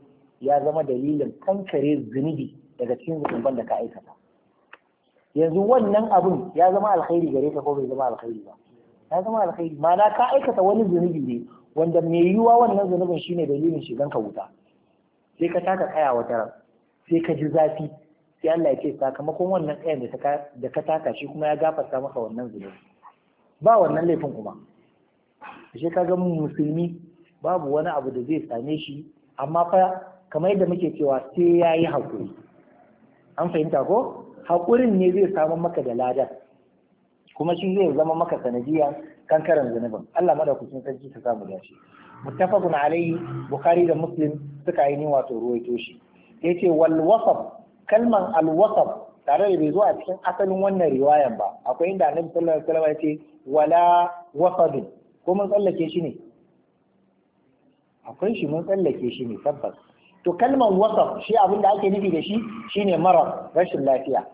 A: ya zama dalilin kankare zunubi daga cikin zunuban da ka aikata yanzu wannan abin ya zama alkhairi gare ka ko bai zama alkhairi ba ya zama alkhairi ma'ana ka aikata wani zunubi ne wanda mai yiwuwa wannan zunubin shine dalilin shigan ka wuta sai ka taka kaya wata ran sai ka ji zafi sai Allah ya ce sakamakon wannan kayan da ka taka shi kuma ya gafarta maka wannan zunubi ba wannan laifin kuma shi ka ga musulmi babu wani abu da zai same shi amma fa kamar yadda muke cewa sai yayi hakuri haƙuri an fahimta ko hakurin ne zai samu maka da ladan kuma shi zai zama maka sanadiya karan zunubin Allah madaukakin sarki ka samu dace muttafaqun alaihi bukhari da muslim suka ni wato ruwaito shi yace wal wasaf kalman al wasaf tare da bai zo a cikin asalin wannan riwayan ba akwai inda annabi sallallahu alaihi wasallam ce wala wafadun ko mun tsallake shi ne akwai shi mun tsallake shi ne tabbas to kalman wasaf shi abin da ake nufi da shi shine mara rashin lafiya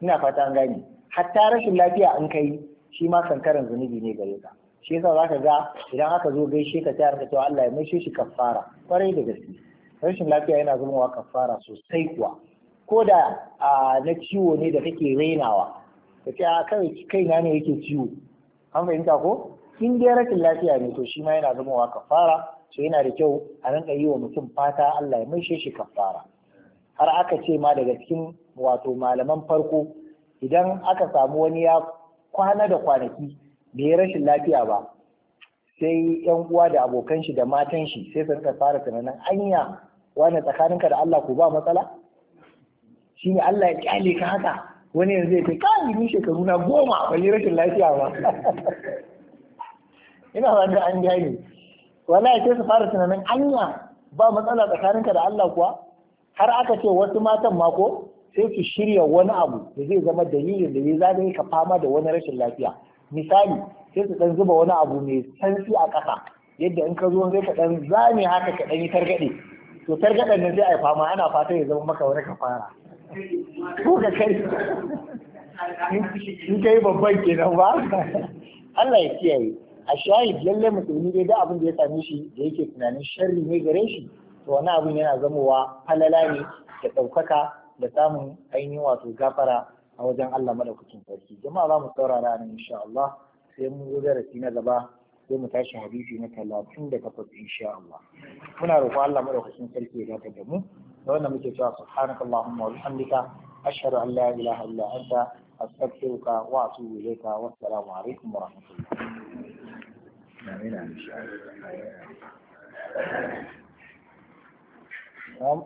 A: ina fata an gane hatta rashin lafiya an kai shi ma sankaran zunubi ne gare ka shi yasa zaka ga idan aka zo gaishe ka tayar ka cewa Allah ya maishe shi kafara kwarai da gaske rashin lafiya yana zumowa kafara sosai kuwa ko da na ciwo ne da kake rainawa ka ce a kai kaina ne yake ciwo an fahimta ko in dai rashin lafiya ne to shi ma yana zumowa kafara to yana da kyau a rinka yi wa mutum fata Allah ya maishe shi kaffara har aka ce ma daga cikin wato malaman farko idan aka samu wani ya kwana da kwanaki da ya rashin lafiya ba sai yan uwa da abokan shi da matan shi sai su rika fara tunanin anya wani tsakaninka da Allah ko ba matsala shine Allah ya kyale ka haka wani yanzu ya ce kai ni shekaru na goma ban yi rashin lafiya ba <laughs> ina ba an gani wallahi sai su fara tunanin anya ba matsala tsakaninka da Allah kuwa har aka ce wasu matan ma ko sai su shirya wani abu da zai zama dalilin da ya zagaye ka fama da wani rashin lafiya misali sai su dan zuba wani abu mai santsi a ƙasa yadda in ka zo zai ka dan zame haka ka dan yi targaɗe to targaɗen nan sai a yi fama ana fata ya zama maka wani kafara ko ka kai in ka yi babban kenan ba Allah ya kiyaye a shayi lalle musulmi dai da abin da ya same shi da yake tunanin sharri ne gare shi to wani abin yana zamowa falala ne da ɗaukaka da samun ainihin wato gafara a wajen Allah madaukakin sarki jama'a za mu saurara nan insha Allah sai mun zo darasi na gaba sai mu tashi hadisi na talatin da takwas insha Allah muna roƙo Allah madaukakin sarki ya dace da mu da wannan muke cewa subhanakallahumma wa bihamdika ashhadu an la ilaha illa anta astaghfiruka wa atubu ilayka wa assalamu alaikum wa